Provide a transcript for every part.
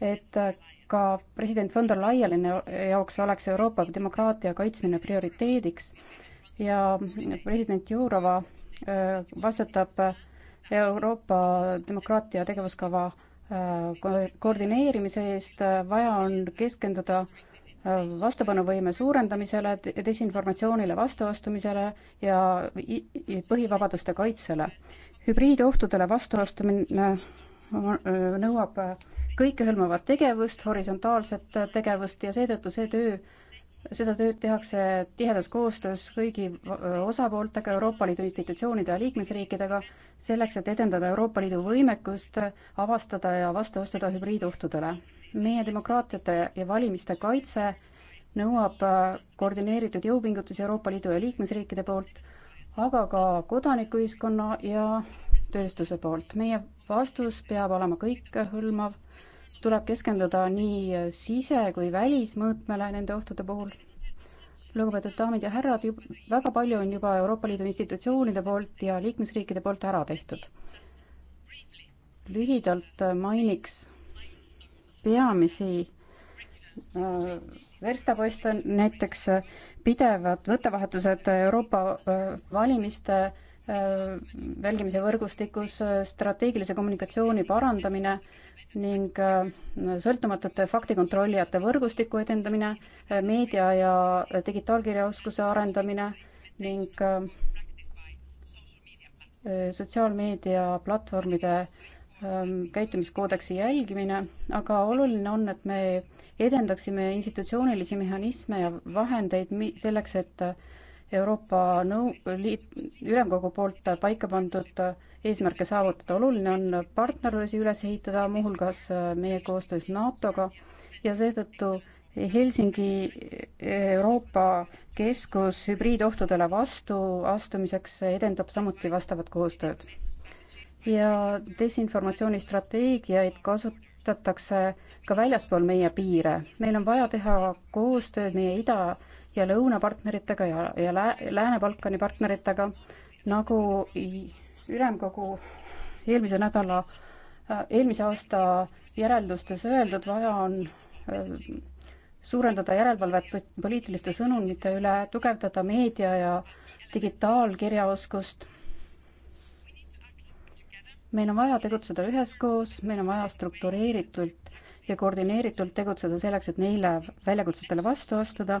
et äh, ka president von der Leyeni jaoks oleks Euroopa demokraatia kaitsmine prioriteediks ja president Jourova äh, vastutab äh, Euroopa demokraatia tegevuskava koordineerimise eest, vaja on keskenduda vastupanuvõime suurendamisele, desinformatsioonile vastuastumisele ja põhivabaduste kaitsele. hübriidohtudele vastuastumine nõuab kõikehõlmavat tegevust, horisontaalset tegevust ja seetõttu see töö, seda tööd tehakse tihedas koostöös kõigi osapooltega, Euroopa Liidu institutsioonide ja liikmesriikidega, selleks, et edendada Euroopa Liidu võimekust avastada ja vastu astuda hübriidohtudele. meie demokraatiate ja valimiste kaitse nõuab koordineeritud jõupingutusi Euroopa Liidu ja liikmesriikide poolt, aga ka kodanikuühiskonna ja tööstuse poolt. meie vastus peab olema kõikehõlmav tuleb keskenduda nii sise- kui välismõõtmele nende ohtude puhul. lugupeetud daamid ja härrad, väga palju on juba Euroopa Liidu institutsioonide poolt ja liikmesriikide poolt ära tehtud. lühidalt mainiks peamisi äh, verstapost on näiteks äh, pidevad võttevahetused Euroopa äh, valimiste välgimise võrgustikus, strateegilise kommunikatsiooni parandamine ning äh, sõltumatute faktikontrollijate võrgustiku edendamine, äh, meedia ja äh, digitaalkirjaoskuse arendamine ning sotsiaalmeedia platvormide ähm, käitumiskoodeksi jälgimine, aga oluline on, et me edendaksime institutsioonilisi mehhanisme ja vahendeid selleks, et Euroopa Nõu-, liit, Ülemkogu poolt paika pandud eesmärke saavutada. oluline on partnerlusi üles ehitada, muuhulgas äh, meie koostöös NATO-ga ja seetõttu Helsingi äh, Euroopa Keskus hübriidohtudele vastu astumiseks edendab samuti vastavat koostööd. ja desinformatsiooni strateegiaid kasutatakse ka väljaspool meie piire. meil on vaja teha koostööd meie ida ja lõunapartneritega ja, ja Lääne-Balkani partneritega, nagu ülemkogu eelmise nädala, äh, eelmise aasta järeldustes öeldud, vaja on äh, suurendada järelevalvet poliitiliste sõnumite üle, tugevdada meedia ja digitaalkirjaoskust. meil on vaja tegutseda üheskoos, meil on vaja struktureeritult ja koordineeritult tegutseda selleks, et neile väljakutsetele vastu astuda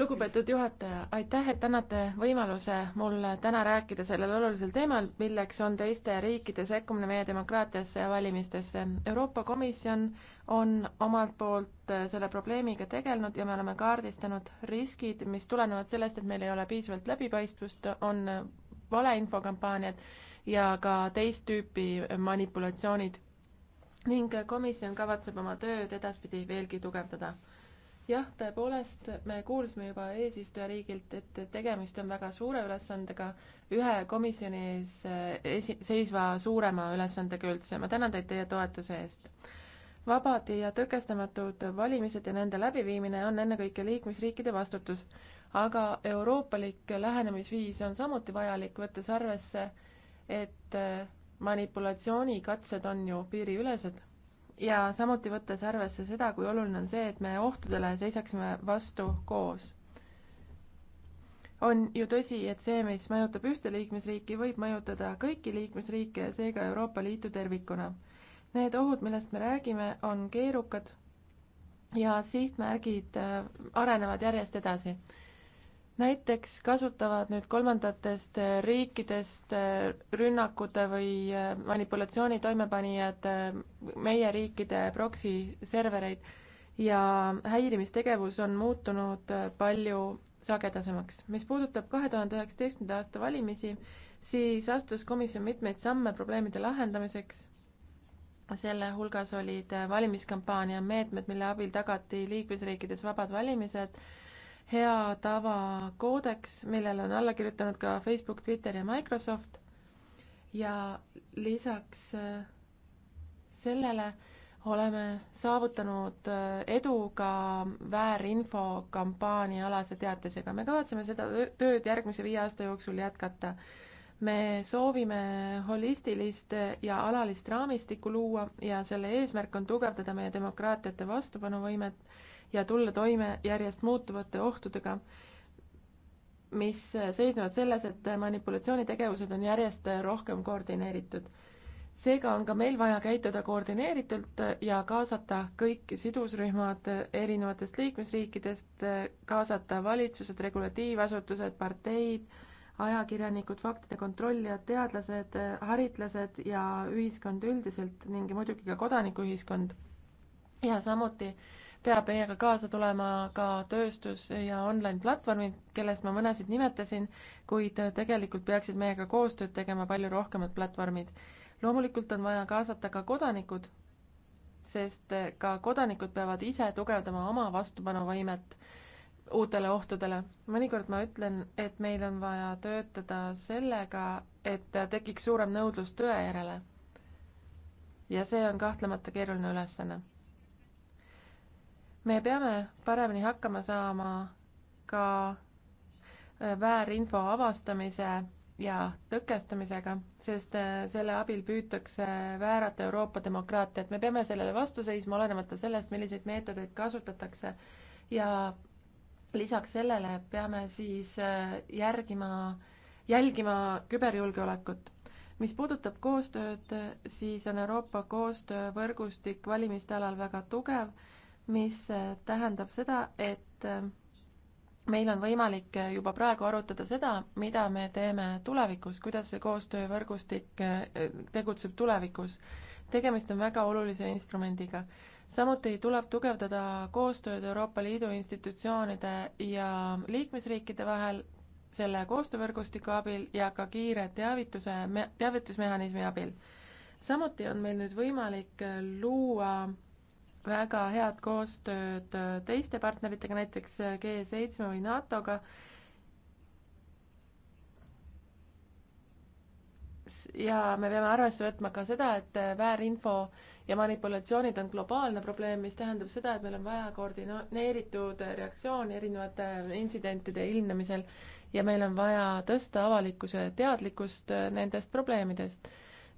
lugupeetud juhataja, aitäh, et annate võimaluse mul täna rääkida sellel olulisel teemal, milleks on teiste riikide sekkumine meie demokraatiasse ja valimistesse. Euroopa Komisjon on omalt poolt selle probleemiga tegelenud ja me oleme kaardistanud riskid, mis tulenevad sellest, et meil ei ole piisavalt läbipaistvust, on valeinfokampaaniad ja ka teist tüüpi manipulatsioonid. ning komisjon kavatseb oma tööd edaspidi veelgi tugevdada jah, tõepoolest, me kuulsime juba eesistujariigilt, et tegemist on väga suure ülesandega, ühe komisjoni ees eh, esi-, seisva suurema ülesandega üldse. ma tänan teid teie toetuse eest. vabad ja tõkestamatud valimised ja nende läbiviimine on ennekõike liikmesriikide vastutus, aga euroopalik lähenemisviis on samuti vajalik, võttes arvesse, et eh, manipulatsioonikatsed on ju piiriülesed ja samuti võttes arvesse seda, kui oluline on see, et me ohtudele seisaksime vastu koos. on ju tõsi, et see, mis mõjutab ühte liikmesriiki, võib mõjutada kõiki liikmesriike ja seega Euroopa Liitu tervikuna. Need ohud, millest me räägime, on keerukad ja sihtmärgid äh, arenevad järjest edasi näiteks kasutavad nüüd kolmandatest äh, riikidest äh, rünnakute või äh, manipulatsiooni toimepanijad meie riikide proksi servereid ja häirimistegevus on muutunud palju sagedasemaks. mis puudutab kahe tuhande üheksateistkümnenda aasta valimisi, siis astus komisjon mitmeid samme probleemide lahendamiseks. selle hulgas olid valimiskampaania meetmed, mille abil tagati liikmesriikides vabad valimised hea tava koodeks, millele on alla kirjutanud ka Facebook, Twitter ja Microsoft ja lisaks äh, sellele oleme saavutanud äh, edu ka väärinfo kampaaniaalase teatisega. me kavatseme seda tööd järgmise viie aasta jooksul jätkata. me soovime holistilist ja alalist raamistikku luua ja selle eesmärk on tugevdada meie demokraatiate vastupanuvõimet ja tulla toime järjest muutuvate ohtudega, mis seisnevad selles, et manipulatsioonitegevused on järjest rohkem koordineeritud seega on ka meil vaja käituda koordineeritult ja kaasata kõik sidusrühmad erinevatest liikmesriikidest, kaasata valitsused, regulatiivasutused, parteid, ajakirjanikud, faktide kontrollijad, teadlased, haritlased ja ühiskond üldiselt ning muidugi ka kodanikuühiskond. ja samuti peab EIA-ga kaasa tulema ka tööstus ja online platvormid, kellest ma mõnesid nimetasin, kuid tegelikult peaksid meiega koostööd tegema palju rohkemad platvormid. loomulikult on vaja kaasata ka kodanikud, sest ka kodanikud peavad ise tugevdama oma vastupanuvõimet uutele ohtudele. mõnikord ma ütlen, et meil on vaja töötada sellega, et tekiks suurem nõudlus tõe järele. ja see on kahtlemata keeruline ülesanne me peame paremini hakkama saama ka äh, väärinfo avastamise ja tõkestamisega, sest äh, selle abil püütakse äh, väärata Euroopa demokraatiat. me peame sellele vastu seisma, olenemata sellest, milliseid meetodeid kasutatakse ja lisaks sellele peame siis järgima, jälgima küberjulgeolekut. mis puudutab koostööd, siis on Euroopa koostöövõrgustik valimiste alal väga tugev mis äh, tähendab seda, et äh, meil on võimalik äh, juba praegu arutada seda, mida me teeme tulevikus, kuidas see koostöövõrgustik tegutseb tulevikus. tegemist on väga olulise instrumendiga. samuti tuleb tugevdada koostööd Euroopa Liidu institutsioonide ja liikmesriikide vahel selle koostöövõrgustiku abil ja ka kiire teavituse, teavitusmehhanismi abil. samuti on meil nüüd võimalik luua väga head koostööd äh, teiste partneritega, näiteks äh, G7 või NATO-ga. ja me peame arvesse võtma ka seda, et äh, väärinfo ja manipulatsioonid on globaalne probleem, mis tähendab seda, et meil on vaja koordineeritud reaktsiooni erinevate intsidentide ilmnemisel ja meil on vaja tõsta avalikkuse teadlikkust nendest probleemidest.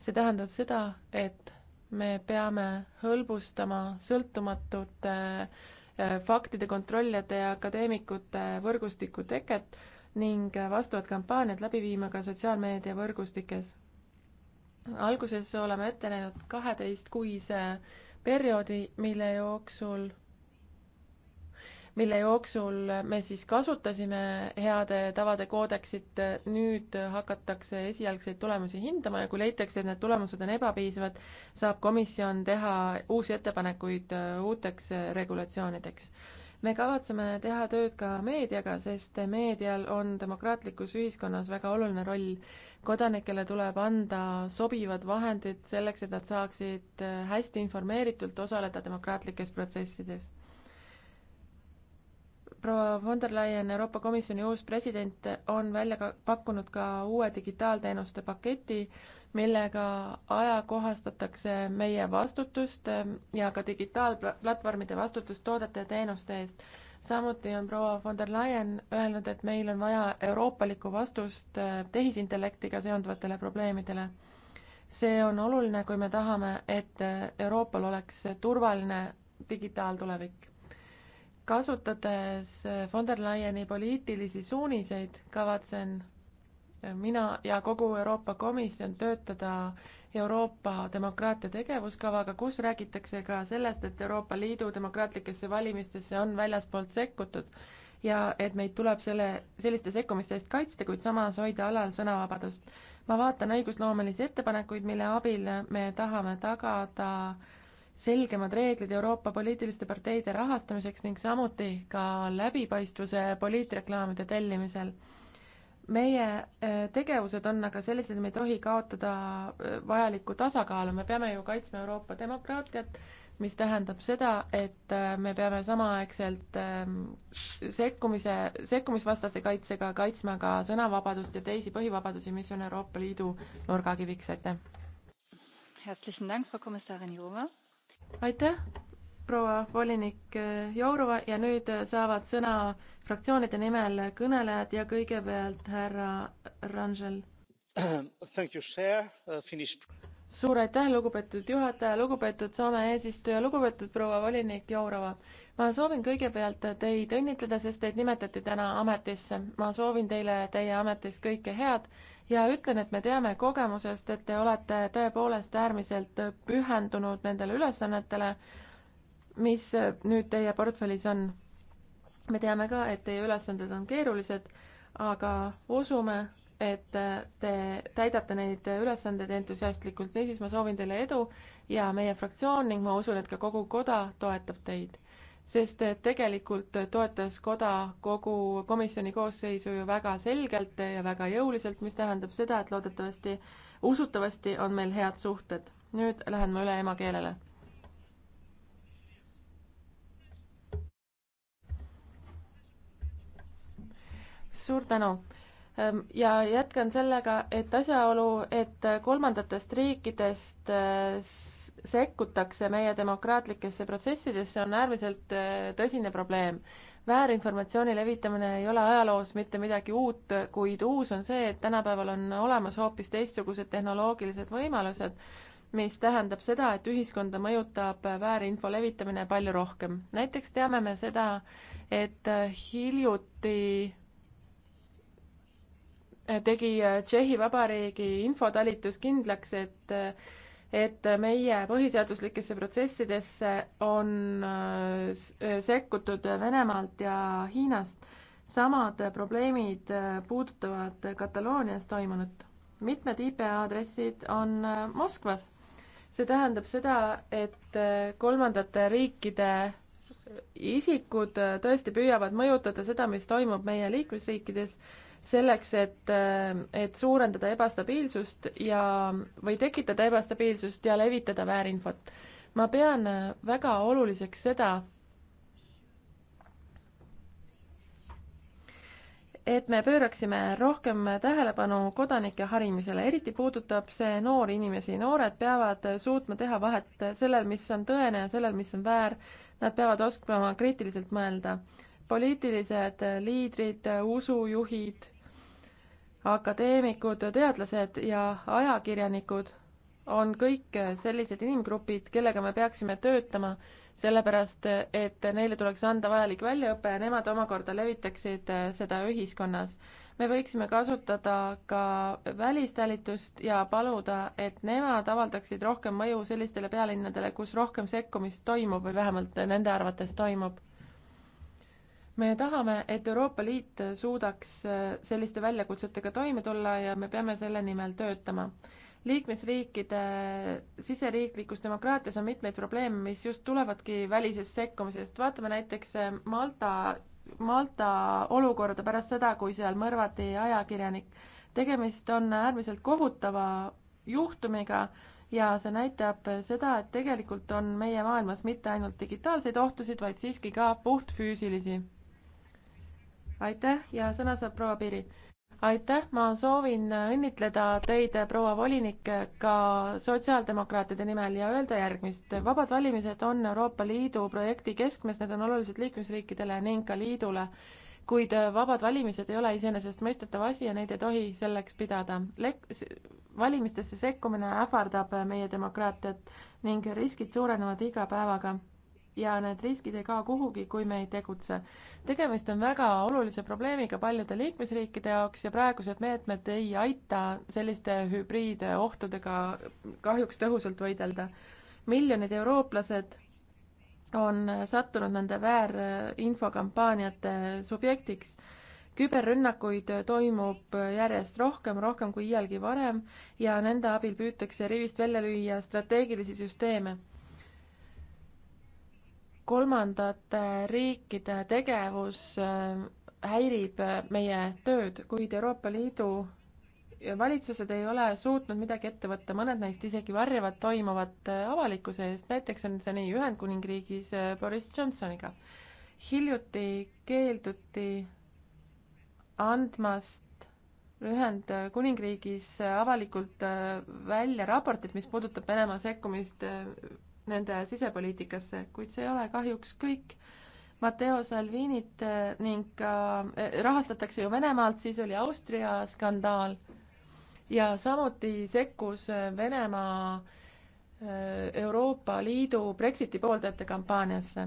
see tähendab seda, et me peame hõlbustama sõltumatute eh, faktide kontrollijate ja akadeemikute võrgustiku teket ning vastavad kampaaniad läbi viima ka sotsiaalmeedia võrgustikes. alguses oleme ette näinud kaheteistkuise perioodi, mille jooksul mille jooksul me siis kasutasime heade tavade koodeksit, nüüd hakatakse esialgseid tulemusi hindama ja kui leitakse, et need tulemused on ebapiisavad, saab komisjon teha uusi ettepanekuid äh, uuteks äh, regulatsioonideks. me kavatseme teha tööd ka meediaga, sest meedial on demokraatlikus ühiskonnas väga oluline roll. kodanikele tuleb anda sobivad vahendid selleks, et nad saaksid äh, hästi informeeritult osaleda demokraatlikes protsessides proua von der Leyen, Euroopa Komisjoni uus president, on välja ka pakkunud ka uue digitaalteenuste paketi, millega ajakohastatakse meie vastutust ähm, ja ka digitaalplatvormide vastutust toodete ja teenuste eest. samuti on proua von der Leyen öelnud, et meil on vaja euroopalikku vastust äh, tehisintellektiga seonduvatele probleemidele. see on oluline, kui me tahame, et äh, Euroopal oleks turvaline digitaaltulevik kasutades von der Leyeni poliitilisi suuniseid, kavatsen mina ja kogu Euroopa Komisjon töötada Euroopa demokraatia tegevuskavaga, kus räägitakse ka sellest, et Euroopa Liidu demokraatlikesse valimistesse on väljaspoolt sekkutud ja et meid tuleb selle, selliste sekkumiste eest kaitsta, kuid samas hoida alal sõnavabadust. ma vaatan õigusloomelisi ettepanekuid, mille abil me tahame tagada äh, selgemad reeglid Euroopa poliitiliste parteide rahastamiseks ning samuti ka läbipaistvuse poliitreklaamide tellimisel meie äh, tegevused on aga sellised, me ei tohi kaotada äh, vajalikku tasakaalu, me peame ju kaitsma Euroopa demokraatiat, mis tähendab seda, et äh, me peame samaaegselt ähm, sekkumise, sekkumisvastase kaitsega kaitsma ka sõnavabadust ja teisi põhivabadusi, mis on Euroopa Liidu nurgakiviks, aitäh! aitäh, proua volinik Jourova ja nüüd saavad sõna fraktsioonide nimel kõnelejad ja kõigepealt härra Rangel. Uh, suur aitäh, lugupeetud juhataja, lugupeetud Soome eesistuja, lugupeetud proua volinik Jourova. ma soovin kõigepealt teid õnnitleda, sest teid nimetati täna ametisse. ma soovin teile teie ametis kõike head ja ütlen, et me teame kogemusest, et te olete tõepoolest äärmiselt pühendunud nendele ülesannetele, mis nüüd teie portfellis on. me teame ka, et teie ülesanded on keerulised, aga usume, et te täidate neid ülesandeid entusiastlikult, niisiis ma soovin teile edu ja meie fraktsioon ning ma usun, et ka kogu koda toetab teid sest tegelikult toetas koda kogu komisjoni koosseisu ju väga selgelt ja väga jõuliselt, mis tähendab seda, et loodetavasti, usutavasti on meil head suhted. nüüd lähen ma üle emakeelele. suur tänu ehm, ja jätkan sellega, et asjaolu, et kolmandatest riikidest eh, sekkutakse meie demokraatlikesse protsessidesse, on äärmiselt äh, tõsine probleem. väärinformatsiooni levitamine ei ole ajaloos mitte midagi uut, kuid uus on see, et tänapäeval on olemas hoopis teistsugused tehnoloogilised võimalused, mis tähendab seda, et ühiskonda mõjutab väärinfo levitamine palju rohkem. näiteks teame me seda, et äh, hiljuti äh, tegi Tšehhi Vabariigi infotalitus kindlaks, et et meie põhiseaduslikesse protsessidesse on äh, sekkutud Venemaalt ja Hiinast. samad probleemid puudutavad Kataloonias toimunut. mitmed IP aadressid on äh, Moskvas. see tähendab seda, et äh, kolmandate riikide isikud tõesti püüavad mõjutada seda, mis toimub meie liikmesriikides selleks, et, et suurendada ebastabiilsust ja, või tekitada ebastabiilsust ja levitada väärinfot. ma pean väga oluliseks seda, et me pööraksime rohkem tähelepanu kodanike harimisele, eriti puudutab see noori inimesi. noored peavad suutma teha vahet sellel, mis on tõene ja sellel, mis on väär. Nad peavad oskama kriitiliselt mõelda. poliitilised liidrid, usujuhid, akadeemikud, teadlased ja ajakirjanikud on kõik sellised inimgrupid, kellega me peaksime töötama, sellepärast et neile tuleks anda vajalik väljaõpe ja nemad omakorda levitaksid seda ühiskonnas. me võiksime kasutada ka välistalitust ja paluda, et nemad avaldaksid rohkem mõju sellistele pealinnadele, kus rohkem sekkumist toimub või vähemalt nende arvates toimub me tahame, et Euroopa Liit suudaks äh, selliste väljakutsetega toime tulla ja me peame selle nimel töötama. liikmesriikide siseriiklikus demokraatias on mitmeid probleeme, mis just tulevadki välisest sekkumisest, vaatame näiteks äh, Malta, Malta olukorda pärast seda, kui seal mõrvati ajakirjanik. tegemist on äärmiselt kohutava juhtumiga ja see näitab seda, et tegelikult on meie maailmas mitte ainult digitaalseid ohtusid, vaid siiski ka puhtfüüsilisi aitäh ja sõna saab proua Piri. aitäh, ma soovin õnnitleda teid, proua volinik, ka sotsiaaldemokraatide nimel ja öelda järgmist. vabad valimised on Euroopa Liidu projekti keskmes, need on olulised liikmesriikidele ning ka liidule kuid vabad valimised ei ole iseenesestmõistetav asi ja neid ei tohi selleks pidada. Lek-, valimistesse sekkumine ähvardab meie demokraatiat ning riskid suurenevad iga päevaga ja need riskid ei kao kuhugi, kui me ei tegutse. tegemist on väga olulise probleemiga paljude liikmesriikide jaoks ja praegused meetmed ei aita selliste hübriidohtudega kahjuks tõhusalt võidelda. miljonid eurooplased on sattunud nende väärinfokampaaniate subjektiks küberrünnakuid toimub järjest rohkem, rohkem kui iialgi varem ja nende abil püütakse rivist välja lüüa strateegilisi süsteeme kolmandate riikide tegevus äh, häirib äh, meie tööd, kuid Euroopa Liidu valitsused ei ole suutnud midagi ette võtta, mõned neist isegi varjavad toimuvat äh, avalikkuse eest, näiteks on see nii Ühendkuningriigis Boris Johnsoniga. hiljuti keelduti andmast Ühendkuningriigis avalikult välja raportit, mis puudutab Venemaa sekkumist nende sisepoliitikasse, kuid see ei ole kahjuks kõik. Matteo Salvinit eh, ning ka eh, rahastatakse ju Venemaalt, siis oli Austria skandaal ja samuti sekkus eh, Venemaa Euroopa Liidu Brexiti pooldajate kampaaniasse.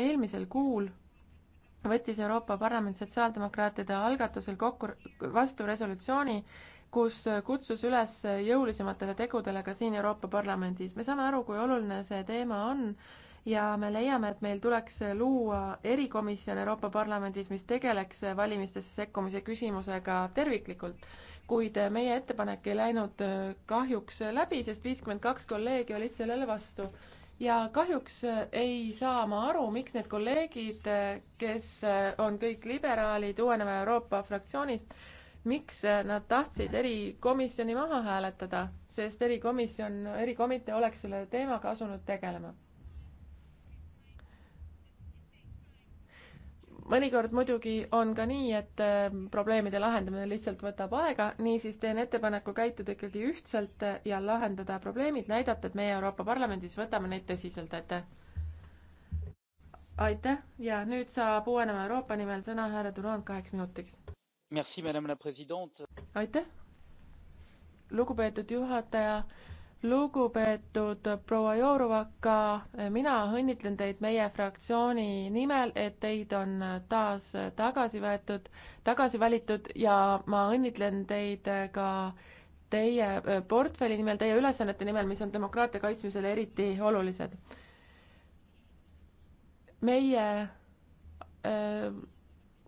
eelmisel kuul võttis Euroopa Parlament sotsiaaldemokraatide algatusel kokku, vastu resolutsiooni, kus kutsus üles jõulisematele tegudele ka siin Euroopa Parlamendis. me saame aru, kui oluline see teema on ja me leiame, et meil tuleks luua erikomisjon Euroopa Parlamendis, mis tegeleks valimistesse sekkumise küsimusega terviklikult. kuid meie ettepanek ei läinud kahjuks läbi, sest viiskümmend kaks kolleegi olid sellele vastu ja kahjuks ei saa ma aru, miks need kolleegid, kes on kõik liberaalid uueneva Euroopa fraktsioonist, miks nad tahtsid erikomisjoni maha hääletada, sest erikomisjon, erikomitee oleks selle teemaga asunud tegelema. mõnikord muidugi on ka nii, et äh, probleemide lahendamine lihtsalt võtab aega, niisiis teen ettepaneku käituda ikkagi ühtselt ja lahendada probleemid, näidata, et meie Euroopa Parlamendis võtame neid tõsiselt ette. aitäh ja nüüd saab Uuenema Euroopa nimel sõna härra Durand kaheks minutiks aitäh, lugupeetud juhataja, lugupeetud proua Jourovaka, mina õnnitlen teid meie fraktsiooni nimel, et teid on taas tagasi võetud, tagasi valitud ja ma õnnitlen teid ka teie äh, portfelli nimel, teie ülesannete nimel, mis on demokraatia kaitsmisel eriti olulised. meie äh,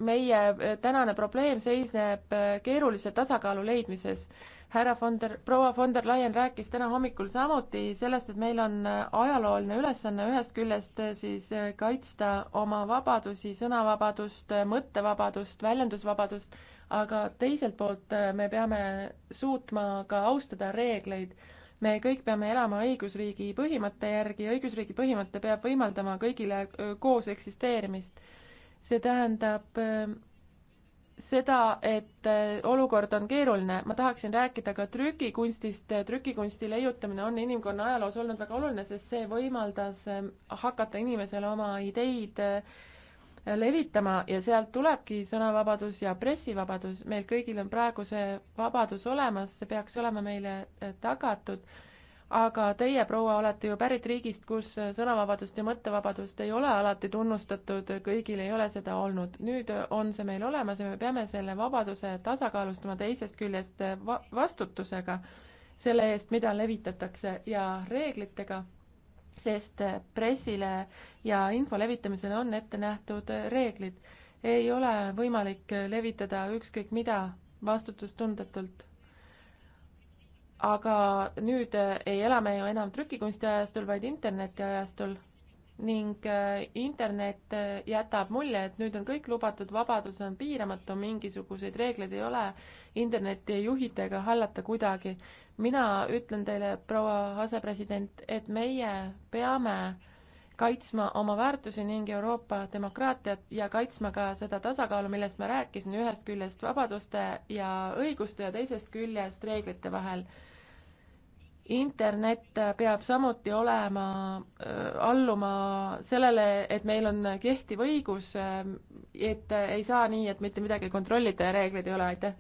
meie eh, tänane probleem seisneb eh, keerulise tasakaalu leidmises. härra von der, proua von der Leyen rääkis täna hommikul samuti sellest, et meil on eh, ajalooline ülesanne ühest küljest siis kaitsta oma vabadusi, sõnavabadust, mõttevabadust, väljendusvabadust, aga teiselt poolt me peame suutma ka austada reegleid me kõik peame elama õigusriigi põhimõtte järgi ja õigusriigi põhimõte peab võimaldama kõigile koos eksisteerimist see tähendab äh, seda, et äh, olukord on keeruline. ma tahaksin rääkida ka trükikunstist. trükikunsti leiutamine on inimkonna ajaloos olnud väga oluline, sest see võimaldas ähm, hakata inimesele oma ideid äh, levitama ja sealt tulebki sõnavabadus ja pressivabadus. meil kõigil on praegu see vabadus olemas, see peaks olema meile tagatud aga teie, proua, olete ju pärit riigist, kus sõnavabadust ja mõttevabadust ei ole alati tunnustatud, kõigil ei ole seda olnud. nüüd on see meil olemas ja me peame selle vabaduse tasakaalustama teisest küljest va vastutusega selle eest, mida levitatakse ja reeglitega, sest pressile ja info levitamisele on ette nähtud reeglid. ei ole võimalik levitada ükskõik mida vastutustundetult aga nüüd eh, ei ela me ju enam trükikunsti ajastul, vaid interneti ajastul ning eh, internet eh, jätab mulje, et nüüd on kõik lubatud, vabadus on piiramatu, mingisuguseid reegleid ei ole, internetti ei juhita ega hallata kuidagi. mina ütlen teile, proua asepresident, et meie peame kaitsma oma väärtusi ning Euroopa demokraatiat ja kaitsma ka seda tasakaalu, millest ma rääkisin, ühest küljest vabaduste ja õiguste ja teisest küljest reeglite vahel. internet peab samuti olema, äh, alluma sellele, et meil on kehtiv õigus, äh, et ei saa nii, et mitte midagi ei kontrollita ja reegleid ei ole, aitäh.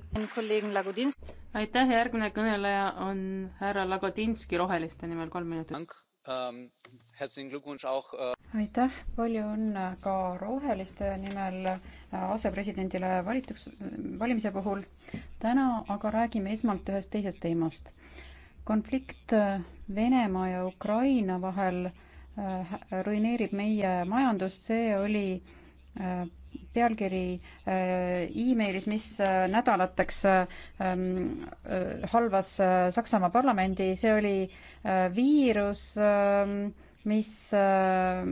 aitäh, järgmine kõneleja on härra Lagodinski Roheliste nimel, kolm minutit um Äh, aitäh, palju õnne ka roheliste nimel äh, asepresidendile valituks, valimise puhul. täna aga räägime esmalt ühest teisest teemast. konflikt äh, Venemaa ja Ukraina vahel ruineerib meie majandust, see oli pealkiri emailis, mis nädalateks ähm, halvas Saksamaa parlamendi, see oli viirus, ähm, mis äh,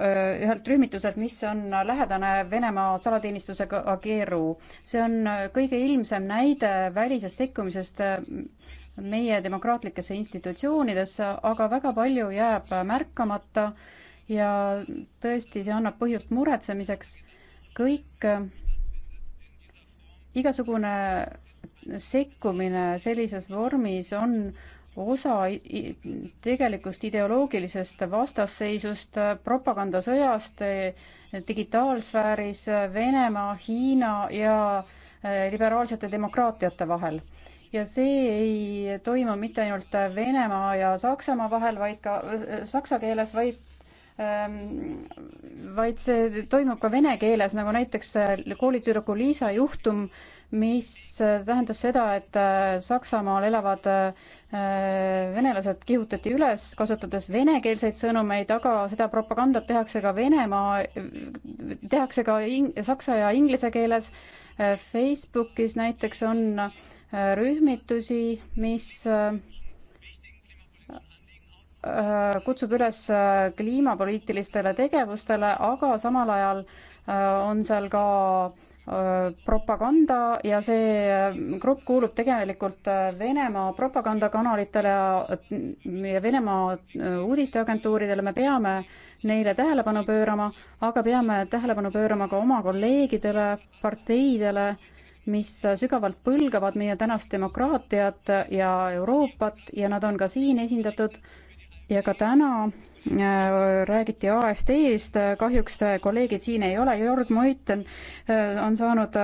äh, ühelt rühmituselt, mis on lähedane Venemaa salateenistusega Ageru. see on äh, kõige ilmsem näide välisest sekkumisest meie demokraatlikesse institutsioonidesse, aga väga palju jääb märkamata ja tõesti, see annab põhjust muretsemiseks. kõik, igasugune sekkumine sellises vormis on osa tegelikust ideoloogilisest vastasseisust, propagandasõjast digitaalsfääris Venemaa, Hiina ja eh, liberaalsete demokraatiate vahel. ja see ei toimu mitte ainult Venemaa ja Saksamaa vahel, vaid ka eh, saksa keeles, vaid ehm, vaid see toimub ka vene keeles, nagu näiteks eh, koolitüdruku Liisa juhtum, mis tähendas seda, et äh, Saksamaal elavad äh, venelased kihutati üles, kasutades venekeelseid sõnumeid, aga seda propagandat tehakse ka Venemaa, tehakse ka ing-, saksa ja inglise keeles. Äh, Facebookis näiteks on rühmitusi, mis kutsub üles kliimapoliitilistele tegevustele, aga samal ajal on seal ka propaganda ja see grupp kuulub tegelikult äh, Venemaa propagandakanalitele ja Venemaa äh, uudisteagentuuridele, me peame neile tähelepanu pöörama, aga peame tähelepanu pöörama ka oma kolleegidele, parteidele, mis sügavalt põlgavad meie tänast demokraatiat ja Euroopat ja nad on ka siin esindatud ja ka täna Äh, räägiti AFD-st, äh, kahjuks äh, kolleegid siin ei ole, Jörg Moiten on saanud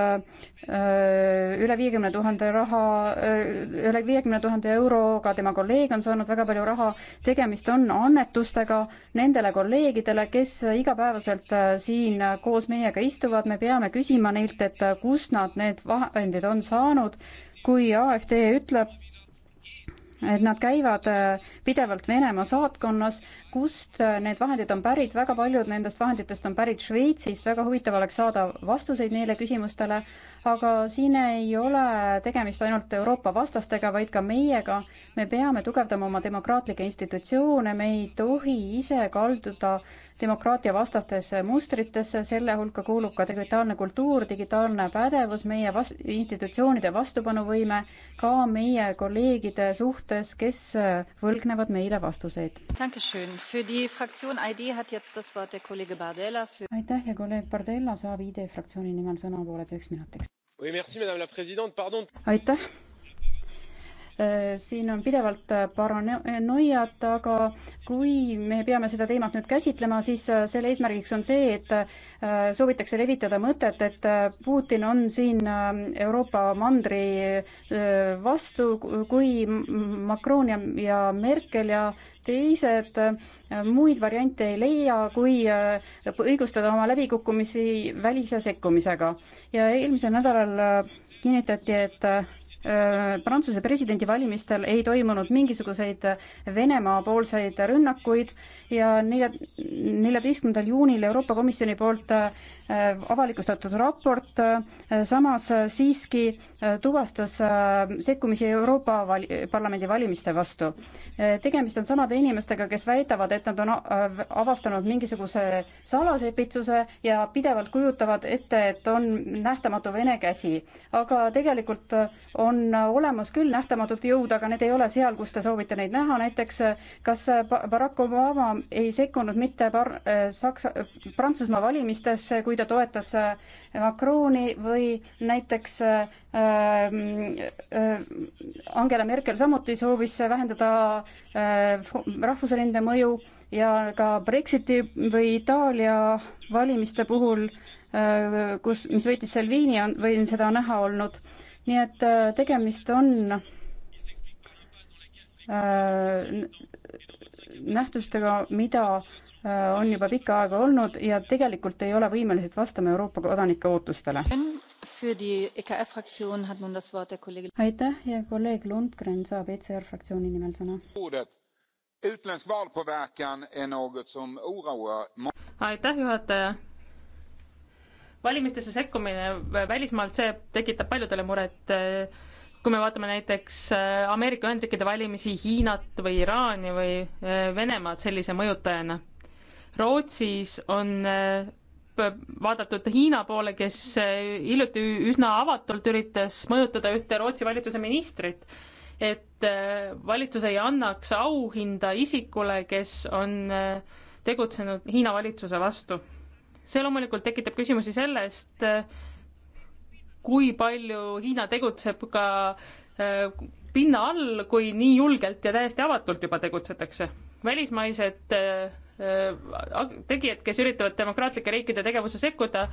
üle viiekümne tuhande raha, üle viiekümne tuhande euroga, tema kolleeg on saanud väga palju raha, tegemist on annetustega nendele kolleegidele, kes igapäevaselt siin koos meiega istuvad, me peame küsima neilt, et kust nad need vahendid on saanud, kui AFD ütleb, et nad käivad äh, pidevalt Venemaa saatkonnas, kust äh, need vahendid on pärit, väga paljud nendest vahenditest on pärit Šveitsist, väga huvitav oleks saada vastuseid neile küsimustele, aga siin ei ole tegemist ainult Euroopa vastastega, vaid ka meiega. me peame tugevdama oma demokraatlikke institutsioone, me ei tohi ise kalduda äh, demokraatia vastastesse mustritesse, selle hulka kuulub ka digitaalne kultuur, digitaalne pädevus, meie vas-, institutsioonide vastupanuvõime, ka meie kolleegide suhtes, kes võlgnevad meile vastuseid. aitäh ja kolleeg Bardella saab ID fraktsiooni nimel sõna pooleteiseks minutiks. aitäh Äh, siin on pidevalt äh, paranoiat, aga kui me peame seda teemat nüüd käsitlema, siis äh, selle eesmärgiks on see, et soovitakse levitada mõtet, et Putin on siin Euroopa mandri vastu, kui Macron ja, ja Merkel ja teised muid variante ei leia, kui õigustada oma läbikukkumisi välise sekkumisega. ja eelmisel nädalal kinnitati, et Äh, Prantsuse presidendivalimistel ei toimunud mingisuguseid Venemaa-poolseid rünnakuid ja nelja, neljateistkümnendal juunil Euroopa Komisjoni poolt äh, Äh, avalikustatud raport, äh, samas siiski äh, tuvastas sekkumisi Euroopa vali-, Parlamendi valimiste vastu. tegemist on samade inimestega, kes väidavad, et nad on avastanud mingisuguse salasepitsuse ja pidevalt kujutavad ette, et on nähtamatu vene käsi. aga tegelikult on olemas küll nähtamatud jõud, aga need ei ole seal, kus te soovite neid näha, näiteks kas Barack Obama ei sekkunud mitte par-, Saksa, Prantsusmaa valimistesse, kui kui ta toetas äh, Macroni või näiteks äh, äh, Angela Merkel samuti soovis vähendada rahvusrinde mõju ja ka Brexiti või Itaalia valimiste puhul, kus, mis võitis Salvini, on, või seda näha olnud. nii et tegemist on nähtustega, mida äh, Äh, on juba pikka aega olnud ja tegelikult ei ole võimelised vastama Euroopa kodanike ootustele. E aitäh ja kolleeg Lundgren saab ECR fraktsiooni nimel sõna. aitäh, juhataja. valimistesse sekkumine välismaalt, see tekitab paljudele muret kui me vaatame näiteks äh, Ameerika Ühendriikide valimisi, Hiinat või Iraani või äh, Venemaad sellise mõjutajana Rootsis on äh, vaadatud Hiina poole, kes äh, hiljuti üsna avatult üritas mõjutada ühte Rootsi valitsuse ministrit, et äh, valitsus ei annaks auhinda isikule, kes on tegutsenud Hiina valitsuse vastu. see loomulikult tekitab küsimusi sellest, kui palju Hiina tegutseb ka pinna all, kui nii julgelt ja täiesti avatult juba tegutsetakse. välismaised Äh, tegijad, kes üritavad demokraatlike riikide tegevusse sekkuda,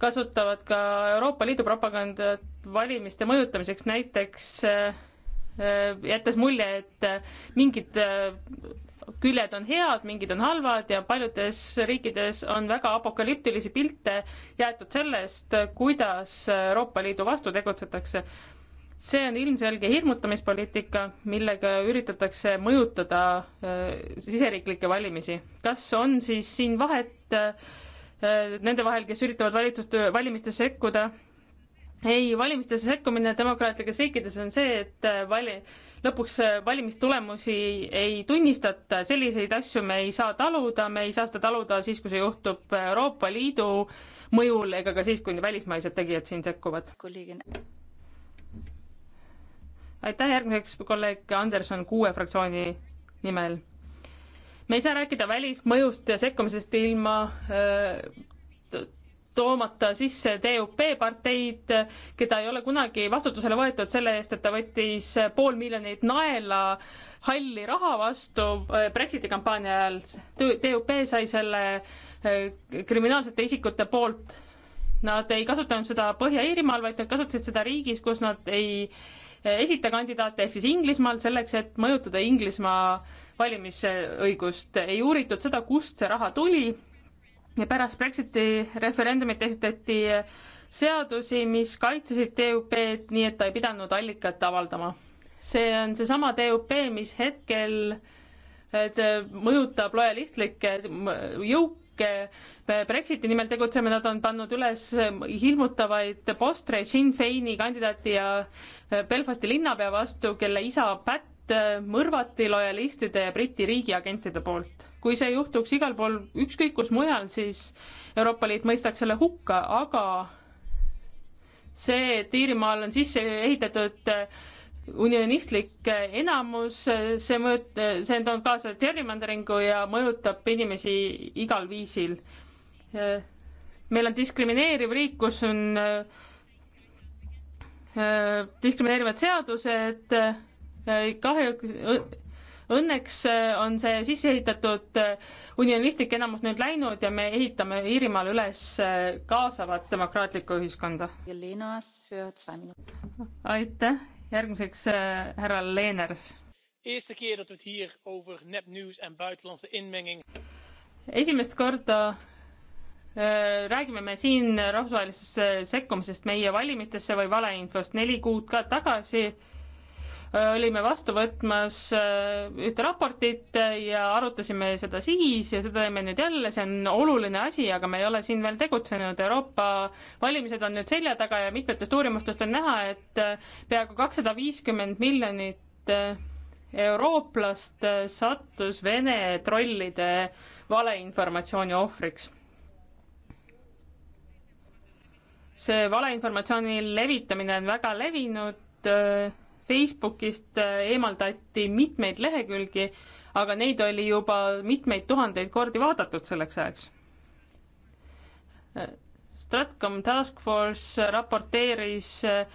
kasutavad ka Euroopa Liidu propagandat valimiste mõjutamiseks, näiteks äh, äh, jättes mulje, et mingid küljed on head, mingid on halvad ja paljudes riikides on väga apokalüptilisi pilte jäetud sellest, kuidas Euroopa Liidu vastu tegutsetakse see on ilmselge hirmutamispoliitika, millega üritatakse mõjutada äh, siseriiklikke valimisi. kas on siis siin vahet äh, nende vahel, kes üritavad valitsust, äh, valimistesse sekkuda? ei, valimistesse sekkumine demokraatlikes riikides on see, et vali-, lõpuks valimistulemusi ei tunnistata, selliseid asju me ei saa taluda, me ei saa seda taluda siis, kui see juhtub Euroopa Liidu mõjul ega ka siis, kui välismaised tegijad siin sekkuvad. kolleegid aitäh, järgmiseks kolleeg Anderson kuue fraktsiooni nimel. me ei saa rääkida välismõjust ja sekkumisest ilma öö, äh, toomata sisse DUP parteid, keda ei ole kunagi vastutusele võetud selle eest, et ta võttis pool miljonit naela halli raha vastu äh, Brexiti kampaania ajal. DUP sai selle äh, kriminaalsete isikute poolt. Nad ei kasutanud seda Põhja-Iirimaal, vaid nad kasutasid seda riigis, kus nad ei äh, esitekandidaate ehk siis Inglismaal selleks, et mõjutada Inglismaa valimisõigust. ei uuritud seda, kust see raha tuli ja pärast Brexiti referendumit esitati seadusi, mis kaitsesid DUP-d, nii et ta ei pidanud allikat avaldama. see on seesama DUP, mis hetkel mõjutab lojalistlikke jõu-, kõik Brexiti nimel tegutseme, nad on pannud üles hirmutavaid postre Sinn Feini kandidaati ja äh, Belfasti linnapea vastu, kelle isa Pätt äh, mõrvati lojalistide ja Briti riigiagentide poolt. kui see juhtuks igal pool ükskõik kus mujal, siis Euroopa Liit mõistaks selle hukka, aga see, et Iirimaal on sisse ehitatud äh, unionistlik enamus, see mõõt-, see on toonud kaasa gerrymanderingu ja mõjutab inimesi igal viisil. meil on diskrimineeriv riik, kus on diskrimineerivad seadused, kahjuks õnneks on see sisse ehitatud unionistlik enamus nüüd läinud ja me ehitame Iirimaal üles kaasavat demokraatlikku ühiskonda. aitäh järgmiseks äh, härra Leeners. esimest korda äh, räägime me siin rahvusvahelisest äh, sekkumisest meie valimistesse või valeinfost neli kuud ka tagasi olime vastu võtmas ühte raportit ja arutasime seda siis ja seda teeme nüüd jälle, see on oluline asi, aga me ei ole siin veel tegutsenud, Euroopa valimised on nüüd selja taga ja mitmetest uurimustest on näha, et peaaegu kakssada viiskümmend miljonit eurooplast sattus Vene trollide valeinformatsiooni ohvriks see valeinformatsiooni levitamine on väga levinud Facebookist äh, eemaldati mitmeid lehekülgi, aga neid oli juba mitmeid tuhandeid kordi vaadatud selleks ajaks. Äh, Stratcom Task Force raporteeris äh,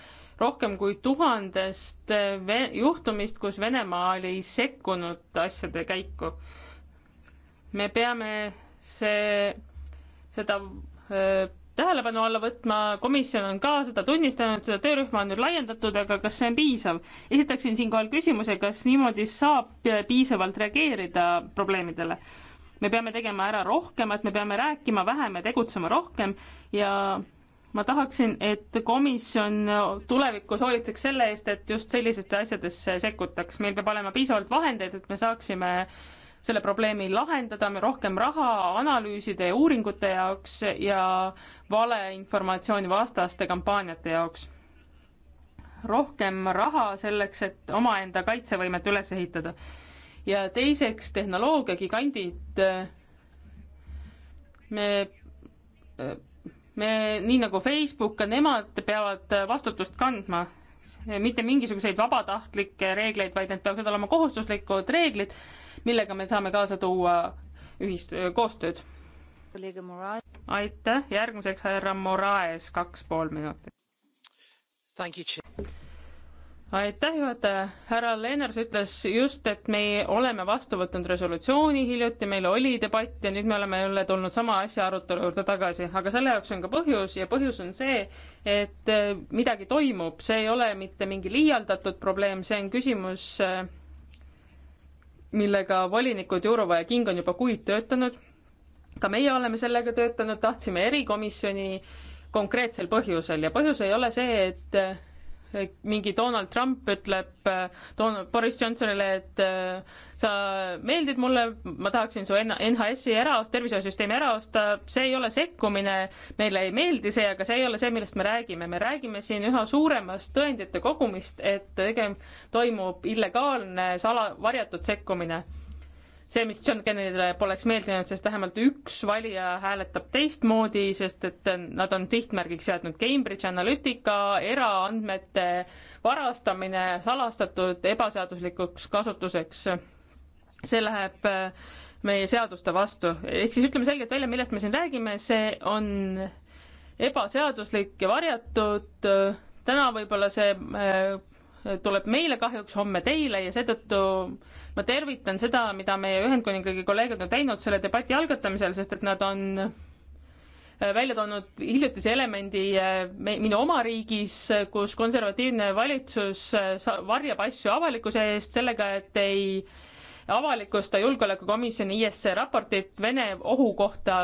rohkem kui tuhandest juhtumist, kus Venemaa oli sekkunud asjade käiku. me peame see, seda öö, tähelepanu alla võtma, komisjon on ka seda tunnistanud, seda töörühma on nüüd laiendatud, aga kas see on piisav? esitaksin siinkohal küsimuse, kas niimoodi saab piisavalt reageerida probleemidele? me peame tegema ära rohkemat, me peame rääkima vähem ja tegutsema rohkem ja ma tahaksin, et komisjon tulevikus hoolitseks selle eest, et just sellisesse asjadesse sekkutaks, meil peab olema piisavalt vahendeid, et me saaksime äh, selle probleemi lahendada, rohkem raha analüüside ja uuringute jaoks ja valeinformatsiooni vastaste kampaaniate jaoks. rohkem raha selleks, et omaenda kaitsevõimet üles ehitada. ja teiseks, tehnoloogiagigandid, me me, nii nagu Facebook, ka nemad peavad vastutust kandma mitte mingisuguseid vabatahtlikke reegleid, vaid need peaksid olema kohustuslikud reeglid millega me saame kaasa tuua ühist koostööd. aitäh, järgmiseks härra Moraes, kaks pool minutit. aitäh, juhataja. härra Lennart ütles just, et me oleme vastu võtnud resolutsiooni hiljuti, meil oli debatt ja nüüd me oleme jälle tulnud sama asja arutelu juurde tagasi, aga selle jaoks on ka põhjus ja põhjus on see, et midagi toimub, see ei ole mitte mingi liialdatud probleem, see on küsimus äh, millega volinikud Jurova ja King on juba kuid töötanud. ka meie oleme sellega töötanud, tahtsime erikomisjoni konkreetsel põhjusel ja põhjus ei ole see, et mingi Donald Trump ütleb äh, Donald, Boris Johnsonile, et äh, sa meeldid mulle, ma tahaksin su NHS-i ära osta, tervishoiusüsteemi ära osta, see ei ole sekkumine, meile ei meeldi see, aga see ei ole see, millest me räägime, me räägime siin üha suuremast tõendite kogumist, et tegem-, toimub illegaalne sala, varjatud sekkumine see, mis John Kennedyle poleks meeldinud, sest vähemalt üks valija hääletab teistmoodi, sest et nad on sihtmärgiks seadnud Cambridge Analytica, eraandmete varastamine, salastatud ebaseaduslikuks kasutuseks. see läheb äh, meie seaduste vastu, ehk siis ütleme selgelt välja, millest me siin räägime, see on ebaseaduslik ja varjatud, täna võib-olla see äh, tuleb meile kahjuks, homme teile ja seetõttu ma tervitan seda, mida meie Ühendkuningriigi kolleegid on teinud selle debati algatamisel, sest et nad on äh, välja toonud hiljutise elemendi äh, minu oma riigis, kus konservatiivne valitsus äh, varjab asju avalikkuse eest sellega, et ei avalikusta Julgeolekukomisjoni ISC raportit Vene ohu kohta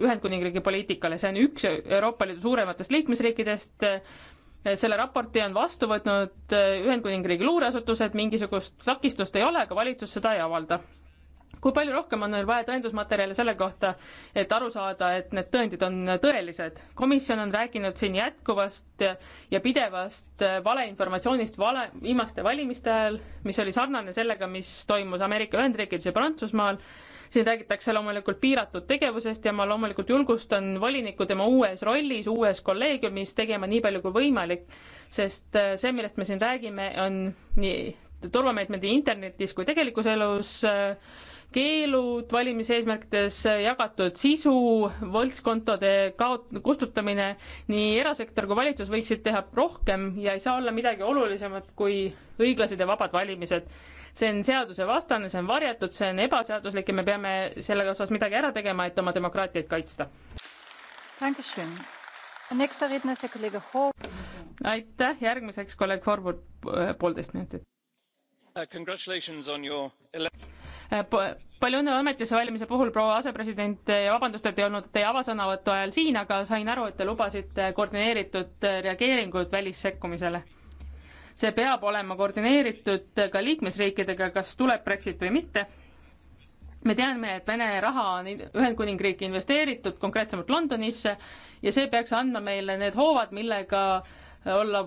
Ühendkuningriigi poliitikale, see on üks Euroopa Liidu suurematest liikmesriikidest, selle raporti on vastu võtnud eh, Ühendkuningriigi luureasutused, mingisugust takistust ei ole, aga valitsus seda ei avalda. kui palju rohkem on meil vaja tõendusmaterjale selle kohta, et aru saada, et need tõendid on tõelised? komisjon on rääkinud siin jätkuvast ja pidevast eh, valeinformatsioonist vale, viimaste valimiste ajal, mis oli sarnane sellega, mis toimus Ameerika Ühendriikides ja Prantsusmaal siin räägitakse loomulikult piiratud tegevusest ja ma loomulikult julgustan volinikku tema uues rollis, uues kolleegiumis tegema nii palju kui võimalik, sest äh, see, millest me siin räägime, on nii turvameetmed nii internetis kui tegelikus elus, äh, keelud valimiseesmärkides, äh, jagatud sisu, võltskontode kaot-, kustutamine, nii erasektor kui valitsus võiksid teha rohkem ja ei saa olla midagi olulisemat kui õiglased ja vabad valimised see on seadusevastane, see on varjatud, see on ebaseaduslik ja me peame selle osas midagi ära tegema, et oma demokraatiat kaitsta. aitäh, järgmiseks kolleeg Horvud, äh, poolteist minutit. Uh, äh, palju õnne ametisse valimise puhul, proua asepresident, äh, vabandust, et ei olnud teie avasõnavõtu ajal siin, aga sain aru, et te lubasite koordineeritud reageeringut välissekkumisele see peab olema koordineeritud ka liikmesriikidega, kas tuleb Brexit või mitte. me teame, et Vene raha on Ühendkuningriiki investeeritud, konkreetsemalt Londonisse, ja see peaks andma meile need hoovad, millega olla,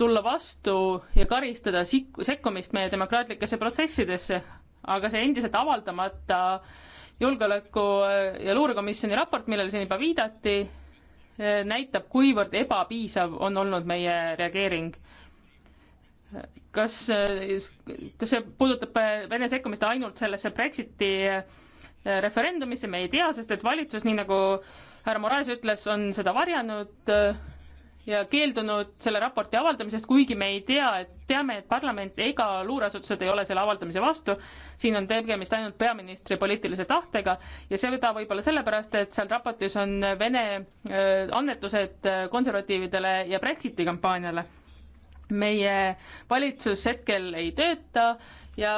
tulla vastu ja karistada sik-, sekkumist meie demokraatlikesse protsessidesse, aga see endiselt avaldamata julgeoleku- äh, ja luurekomisjoni raport, millele siin juba viidati, äh, näitab, kuivõrd ebapiisav on olnud meie reageering kas, kas see puudutab Vene sekkumist ainult sellesse Brexiti äh, referendumisse, me ei tea, sest et valitsus, nii nagu härra Moraes ütles, on seda varjanud äh, ja keeldunud selle raporti avaldamisest, kuigi me ei tea, et teame, et parlament ega luureasutused ei ole selle avaldamise vastu. siin on tegemist ainult peaministri poliitilise tahtega ja seda võib-olla sellepärast, et seal raportis on Vene äh, annetused konservatiividele ja Brexiti kampaaniale meie valitsus hetkel ei tööta ja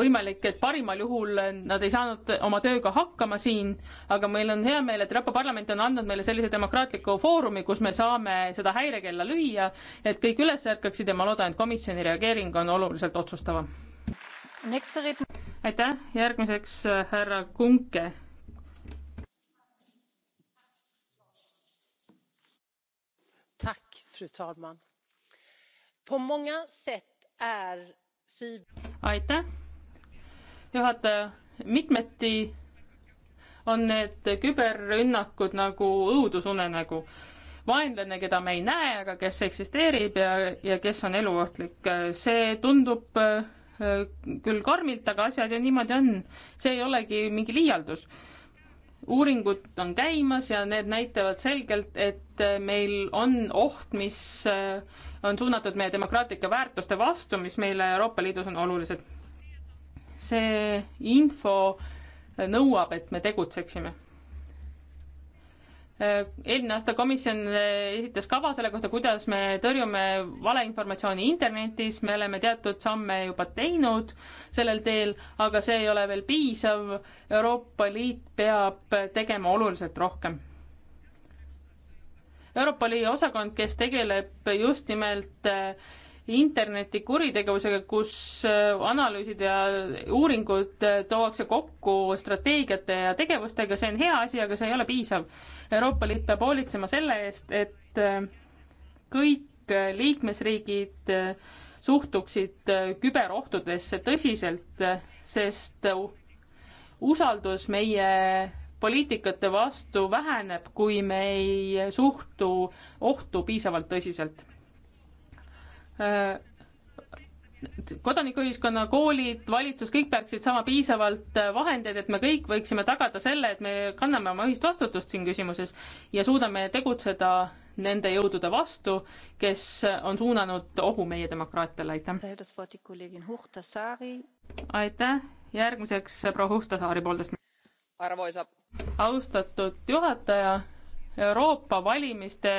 võimalik, et parimal juhul nad ei saanud oma tööga hakkama siin, aga meil on hea meel, et Euroopa Parlament on andnud meile sellise demokraatliku foorumi, kus me saame seda häirekella lüüa, et kõik üles ärkaksid ja ma loodan, et komisjoni reageering on oluliselt otsustavam. aitäh, järgmiseks äh, härra Kunke. tak, fru talman aitäh, juhataja. mitmeti on need küberrünnakud nagu õudusunenägu. vaenlane, keda me ei näe, aga kes eksisteerib ja, ja kes on eluohtlik, see tundub äh, küll karmilt, aga asjad ju niimoodi on. see ei olegi mingi liialdus uuringud on käimas ja need näitavad selgelt, et äh, meil on oht, mis äh, on suunatud meie demokraatlike väärtuste vastu, mis meile Euroopa Liidus on olulised. see info äh, nõuab, et me tegutseksime eelmine aasta komisjon esitas kava selle kohta, kuidas me tõrjume valeinformatsiooni internetis, me oleme teatud samme juba teinud sellel teel, aga see ei ole veel piisav. Euroopa Liit peab tegema oluliselt rohkem. Europoli osakond, kes tegeleb just nimelt interneti kuritegevusega, kus äh, analüüsid ja uuringud äh, tuuakse kokku strateegiate ja tegevustega, see on hea asi, aga see ei ole piisav. Euroopa Liit peab hoolitsema selle eest, et äh, kõik liikmesriigid suhtuksid küberohtudesse tõsiselt, sest usaldus meie poliitikate vastu väheneb, kui me ei suhtu ohtu piisavalt tõsiselt Äh, kodanikuühiskonna koolid, valitsus, kõik peaksid saama piisavalt äh, vahendeid, et me kõik võiksime tagada selle, et me kanname oma ühist vastutust siin küsimuses ja suudame tegutseda nende jõudude vastu, kes äh, on suunanud ohu meie demokraatiale, aitäh. aitäh, järgmiseks proua Huhtasaari poolteist. austatud juhataja Euroopa valimiste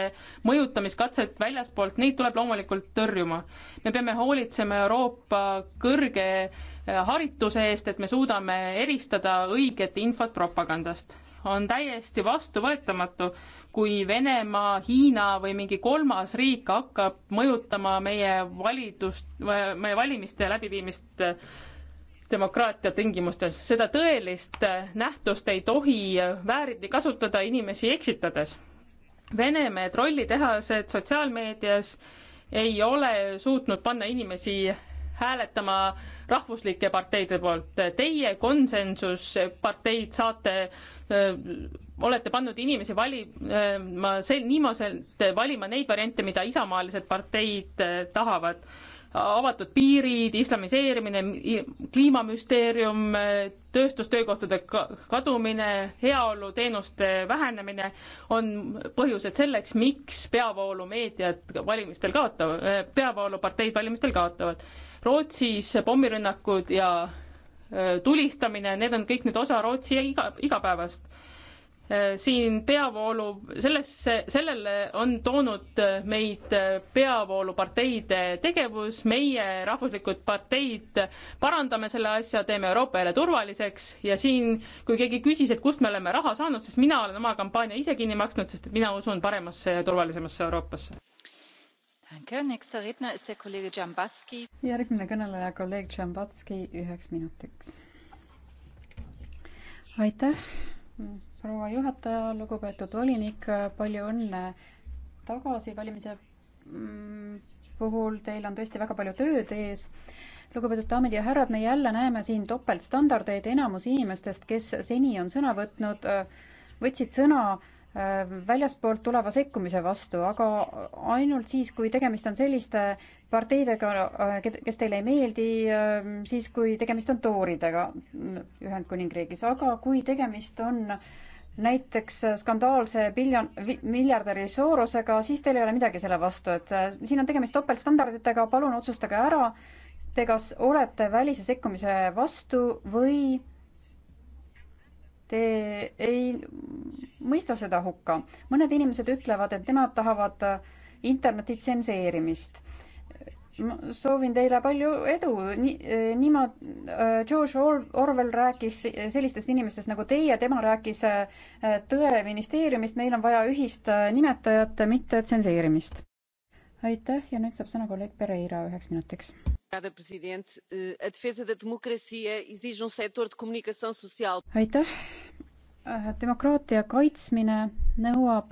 mõjutamiskatset väljaspoolt, neid tuleb loomulikult tõrjuma. me peame hoolitsema Euroopa kõrge eh, harituse eest, et me suudame eristada õiget infot propagandast. on täiesti vastuvõetamatu, kui Venemaa, Hiina või mingi kolmas riik hakkab mõjutama meie validust, meie valimiste läbiviimist eh, demokraatia tingimustes. seda tõelist nähtust ei tohi vääriti kasutada inimesi eksitades. Venemaa trollitehased sotsiaalmeedias ei ole suutnud panna inimesi hääletama rahvuslike parteide poolt. Teie konsensusparteid saate, olete pannud inimesi valima sel, niimoodi valima neid variante, mida isamaalised parteid tahavad avatud piirid, islamiseerimine, kliimamüsteerium, tööstustöökohtade kadumine, heaoluteenuste vähenemine on põhjused selleks, miks peavoolumeediat valimistel kaotavad, peavooluparteid valimistel kaotavad. Rootsis pommirünnakud ja tulistamine, need on kõik nüüd osa Rootsi iga, igapäevast Äh, siin peavoolu, sellesse, sellele on toonud äh, meid äh, peavooluparteide tegevus, meie rahvuslikud parteid parandame selle asja, teeme Euroopa jälle turvaliseks ja siin, kui keegi küsis, et kust me oleme raha saanud, siis mina olen oma kampaania ise kinni maksnud, sest mina usun paremasse ja turvalisemasse Euroopasse. järgmine kõneleja, kolleeg Džambatski üheks minutiks. aitäh proua juhataja, lugupeetud volinik, palju õnne tagasivalimise mm, puhul, teil on tõesti väga palju tööd ees. lugupeetud daamid ja härrad, me jälle näeme siin topeltstandardeid, enamus inimestest, kes seni on sõna võtnud, võtsid sõna äh, väljaspoolt tuleva sekkumise vastu, aga ainult siis, kui tegemist on selliste parteidega, äh, kes teile ei meeldi, äh, siis kui tegemist on tooridega Ühendkuningriigis, aga kui tegemist on äh, näiteks skandaalse biljon-, miljardäri Sorosega, siis teil ei ole midagi selle vastu, et äh, siin on tegemist topeltstandarditega, palun otsustage ära, te kas olete välise sekkumise vastu või te ei mõista seda hukka. mõned inimesed ütlevad, et nemad tahavad äh, interneti tsenseerimist ma soovin teile palju edu Ni,. Eh, niimoodi eh, George Orwell rääkis sellistest inimestest nagu teie, tema rääkis eh, tõe ministeeriumist, meil on vaja ühist nimetajat, mitte tsenseerimist. aitäh ja nüüd saab sõna kolleeg Pereira üheks minutiks. Um aitäh. demokraatia kaitsmine nõuab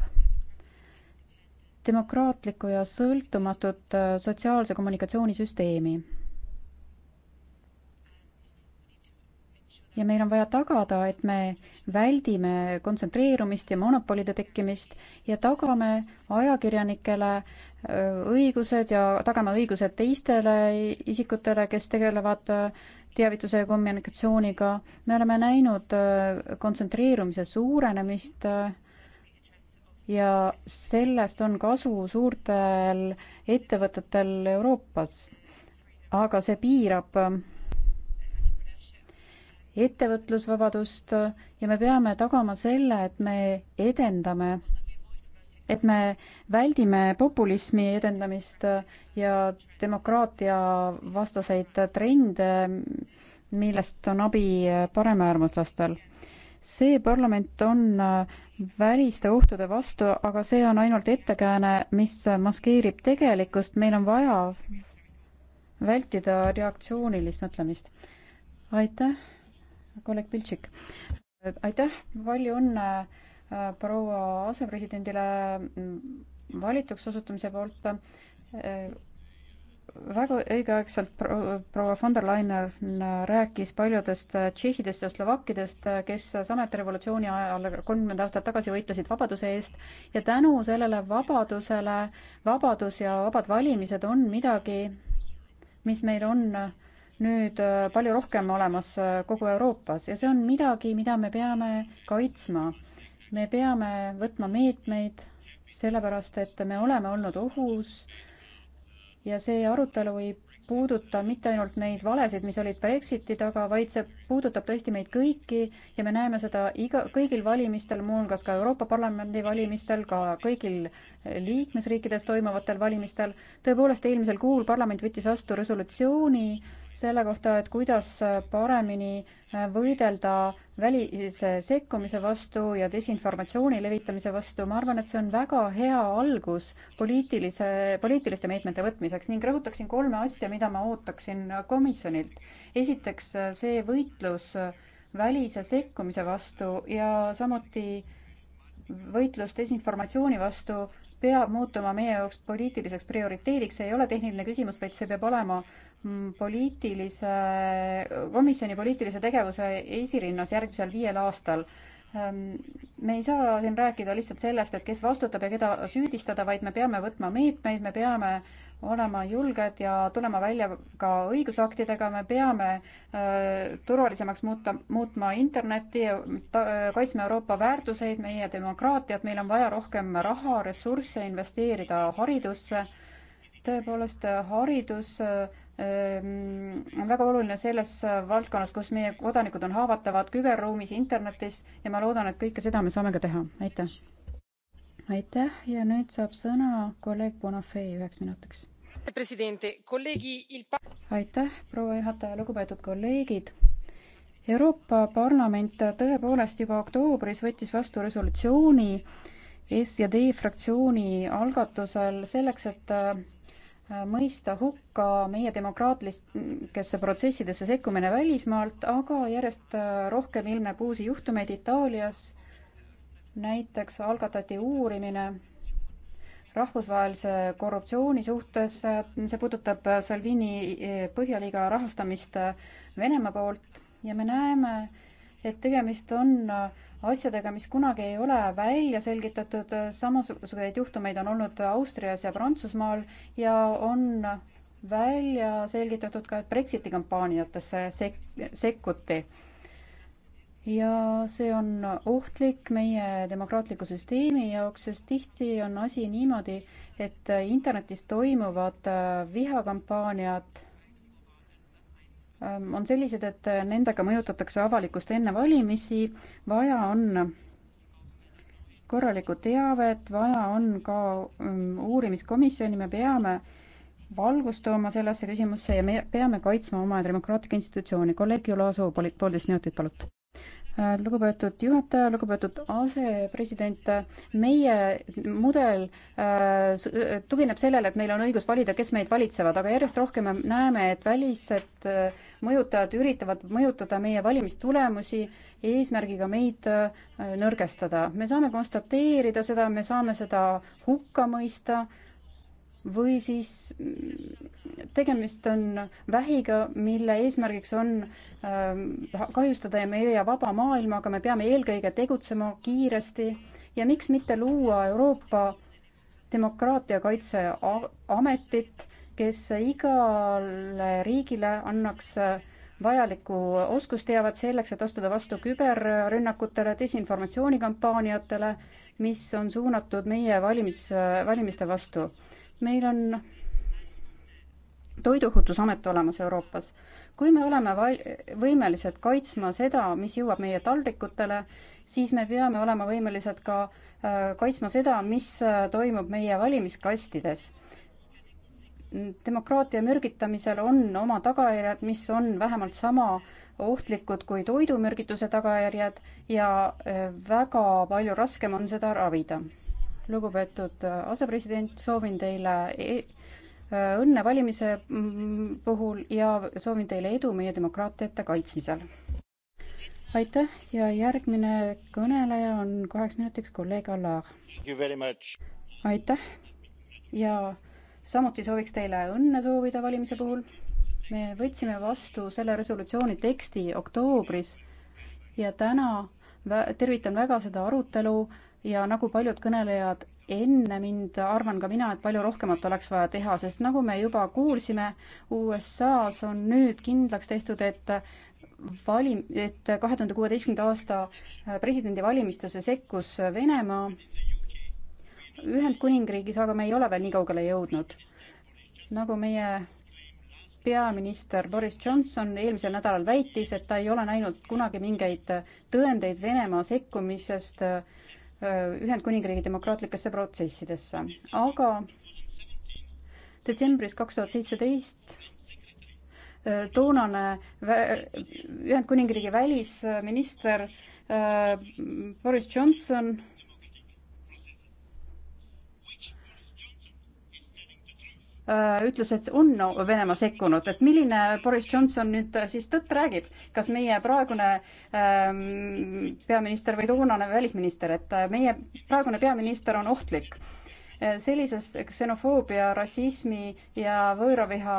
demokraatlikku ja sõltumatut äh, sotsiaalse kommunikatsioonisüsteemi. ja meil on vaja tagada, et me väldime kontsentreerumist ja monopolide tekkimist ja tagame ajakirjanikele äh, õigused ja tagame õigused teistele isikutele, kes tegelevad äh, teavituse ja kommunikatsiooniga. me oleme näinud kontsentreerumise suurenemist ja sellest on kasu suurtel ettevõtetel Euroopas. aga see piirab äh, ettevõtlusvabadust ja me peame tagama selle, et me edendame, et me väldime populismi edendamist ja demokraatia vastaseid trende, millest on abi paremäärmuslastel see parlament on äh, väliste ohtude vastu, aga see on ainult ettekääne, mis maskeerib tegelikkust, meil on vaja vältida reaktsioonilist mõtlemist. aitäh, kolleeg Piltšik. aitäh, palju õnne äh, proua asepresidendile valituks osutumise poolt äh, väga õigeaegselt proua von der Leyen äh, rääkis paljudest äh, tšehhidest ja slovakkidest, äh, kes samuti revolutsiooni ajal kolmkümmend aastat tagasi võitlesid vabaduse eest ja tänu sellele vabadusele, vabadus ja vabad valimised on midagi, mis meil on nüüd palju rohkem olemas kogu Euroopas ja see on midagi, mida me peame kaitsma. me peame võtma meetmeid, sellepärast et me oleme olnud ohus äh, ja see arutelu ei puuduta mitte ainult neid valesid, mis olid Brexiti taga, vaid see puudutab tõesti meid kõiki ja me näeme seda iga, kõigil valimistel, muuhulgas ka Euroopa Parlamendi valimistel, ka kõigil liikmesriikides toimuvatel valimistel. tõepoolest, eelmisel kuul parlament võttis vastu resolutsiooni, selle kohta, et kuidas paremini võidelda välise sekkumise vastu ja desinformatsiooni levitamise vastu. ma arvan, et see on väga hea algus poliitilise, poliitiliste meetmete võtmiseks ning rõhutaksin kolme asja, mida ma ootaksin komisjonilt. esiteks see võitlus välise sekkumise vastu ja samuti võitlus desinformatsiooni vastu peab muutuma meie jaoks poliitiliseks prioriteediks, see ei ole tehniline küsimus, vaid see peab olema mm, poliitilise, komisjoni poliitilise tegevuse esirinnas järgmisel viiel aastal ehm, me ei saa siin rääkida lihtsalt sellest, et kes vastutab ja keda süüdistada, vaid me peame võtma meetmeid, me peame olema julged ja tulema välja ka õigusaktidega, me peame äh, turvalisemaks muuta, muutma Internetti, äh, kaitsma Euroopa väärtuseid, meie demokraatiat, meil on vaja rohkem raha, ressursse investeerida haridusse. tõepoolest, haridus äh, mm, on väga oluline selles valdkonnas, kus meie kodanikud on haavatavad küberruumis, internetis ja ma loodan, et kõike seda me saame ka teha. aitäh! aitäh ja nüüd saab sõna kolleeg Bonafé üheks minutiks aitäh, proua juhataja, lugupeetud kolleegid. Euroopa Parlament tõepoolest juba oktoobris võttis vastu resolutsiooni S ja D fraktsiooni algatusel selleks, et äh, mõista hukka meie demokraatlikesse protsessidesse sekkumine välismaalt, aga järjest äh, rohkem ilmneb uusi juhtumeid Itaalias. näiteks algatati uurimine rahvusvahelise korruptsiooni suhtes, see puudutab Salvini eh, Põhjaliiga rahastamist eh, Venemaa poolt ja me näeme, et tegemist on eh, asjadega, mis kunagi ei ole välja selgitatud, samasuguseid juhtumeid on olnud Austrias ja Prantsusmaal ja on välja selgitatud ka, et Brexiti kampaaniatesse sek-, sekkuti ja see on ohtlik meie demokraatliku süsteemi jaoks, sest tihti on asi niimoodi, et internetis toimuvad äh, vihakampaaniad ähm, on sellised, et nendega mõjutatakse avalikkust enne valimisi, vaja on korralikku teavet, vaja on ka ähm, uurimiskomisjoni, me peame valgust tooma sellesse küsimusse ja me peame kaitsma oma demokraatlikke institutsioone. kolleeg Julaso, poolteist minutit, palun. Äh, lugupeetud juhataja, lugupeetud asepresident, meie mudel äh, äh, tugineb sellele, et meil on õigus valida, kes meid valitsevad, aga järjest rohkem me näeme, et välised mõjutajad üritavad mõjutada meie valimistulemusi eesmärgiga meid nõrgestada. me saame konstateerida seda, me saame seda hukka mõista või siis mm, tegemist on vähiga, mille eesmärgiks on ähm, kahjustada meie vaba maailma, aga me peame eelkõige tegutsema kiiresti ja miks mitte luua Euroopa demokraatia kaitseametit, kes igale riigile annaks äh, vajalikku oskusteavet selleks, et astuda vastu küberrünnakutele, desinformatsioonikampaaniatele, mis on suunatud meie valimis, valimiste vastu meil on toiduohutusamet olemas Euroopas. kui me oleme võimelised kaitsma seda, mis jõuab meie taldrikutele, siis me peame olema võimelised ka äh, kaitsma seda, mis äh, toimub meie valimiskastides. demokraatia mürgitamisel on oma tagajärjed, mis on vähemalt sama ohtlikud kui toidumürgituse tagajärjed ja äh, väga palju raskem on seda ravida lugupeetud äh, asepresident, soovin teile e äh, õnne valimise mm, puhul ja soovin teile edu meie demokraatiate kaitsmisel. aitäh ja järgmine kõneleja on kaheks minutiks kolleeg Allar. aitäh ja samuti sooviks teile õnne soovida valimise puhul. me võtsime vastu selle resolutsiooni teksti oktoobris ja täna tervitan väga seda arutelu ja nagu paljud kõnelejad enne mind arvan ka mina, et palju rohkemat oleks vaja teha, sest nagu me juba kuulsime, USA-s on nüüd kindlaks tehtud, et valim-, et kahe tuhande kuueteistkümnenda aasta presidendivalimistesse sekkus Venemaa. Ühendkuningriigis aga me ei ole veel nii kaugele jõudnud. nagu meie peaminister Boris Johnson eelmisel nädalal väitis, et ta ei ole näinud kunagi mingeid tõendeid Venemaa sekkumisest äh, Ühendkuningriigi demokraatlikesse protsessidesse, aga detsembris kaks tuhat seitseteist äh, toonane Ühendkuningriigi välisminister äh, Boris Johnson Äh, ütles, et on Venemaa sekkunud, et milline Boris Johnson nüüd äh, siis tõtt räägib, kas meie praegune ähm, peaminister või toonane välisminister, et äh, meie praegune peaminister on ohtlik. sellises ksenofoobia, rassismi ja võõraviha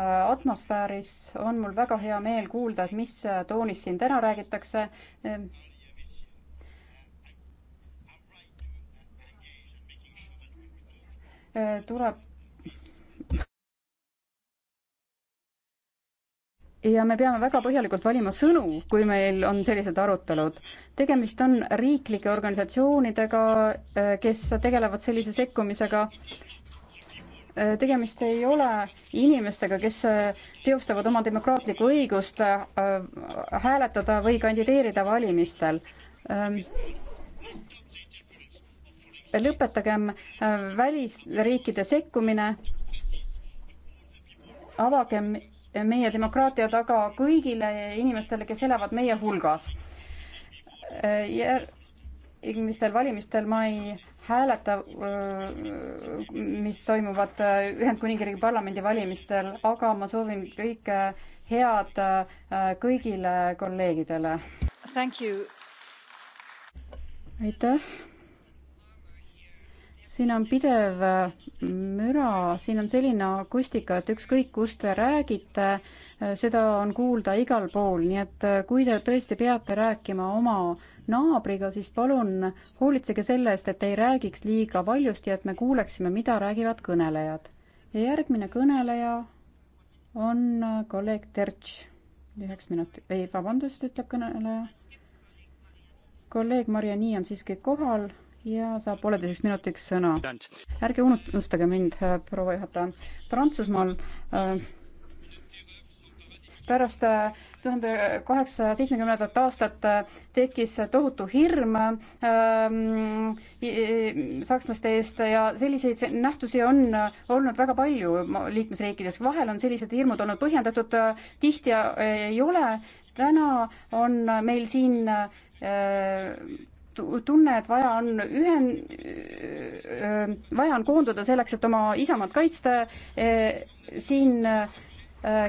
atmosfääris on mul väga hea meel kuulda, et mis toonis siin täna räägitakse ähm, tuleb ja me peame väga põhjalikult valima sõnu, kui meil on sellised arutelud. tegemist on riiklike organisatsioonidega, äh, kes tegelevad sellise sekkumisega. Äh, tegemist ei ole inimestega, kes äh, teostavad oma demokraatlikku õigust hääletada või kandideerida valimistel ähm, lõpetagem välisriikide sekkumine, avagem meie demokraatia taga kõigile inimestele, kes elavad meie hulgas. järgmistel valimistel ma ei hääleta, mis toimuvad Ühendkuningriigi parlamendi valimistel, aga ma soovin kõike head äh, kõigile kolleegidele. aitäh siin on pidev äh, müra, siin on selline akustika, et ükskõik, kus te räägite, äh, seda on kuulda igal pool, nii et äh, kui te tõesti peate rääkima oma naabriga, siis palun hoolitsege selle eest, et ei räägiks liiga valjust ja et me kuuleksime, mida räägivad kõnelejad. ja järgmine kõneleja on kolleeg Terts. üheks minutiks, ei, vabandust, ütleb kõneleja. kolleeg Mariani on siiski kohal ja saab pooleteiseks minutiks sõna. ärge unustage mind, äh, proua juhataja. Prantsusmaal äh, pärast äh, tuhande kaheksasaja seitsmekümnendat aastat äh, tekkis tohutu hirm ähm, sakslaste eest ja selliseid nähtusi on olnud väga palju liikmesriikides. vahel on sellised hirmud olnud põhjendatud, tihti ei ole. täna on meil siin äh, tunne, et vaja on ühen-, vaja on koonduda selleks, et oma isamaad kaitsta. siin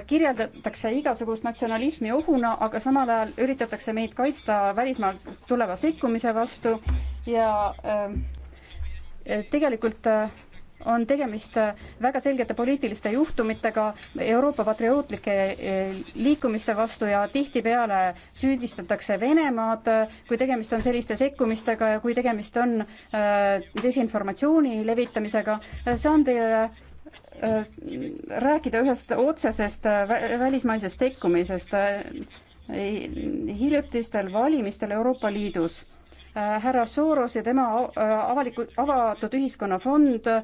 kirjeldatakse igasugust natsionalismi ohuna, aga samal ajal üritatakse meid kaitsta välismaalt tuleva sekkumise vastu ja tegelikult on tegemist väga selgete poliitiliste juhtumitega Euroopa patriootlike eh, liikumiste vastu ja tihtipeale süüdistatakse Venemaad, kui tegemist on selliste sekkumistega ja kui tegemist on eh, desinformatsiooni levitamisega. saan teile eh, rääkida ühest otsesest välismaisest sekkumisest hiljutistel valimistel Euroopa Liidus Äh, härra Soros ja tema äh, avaliku, avatud ühiskonna fond äh,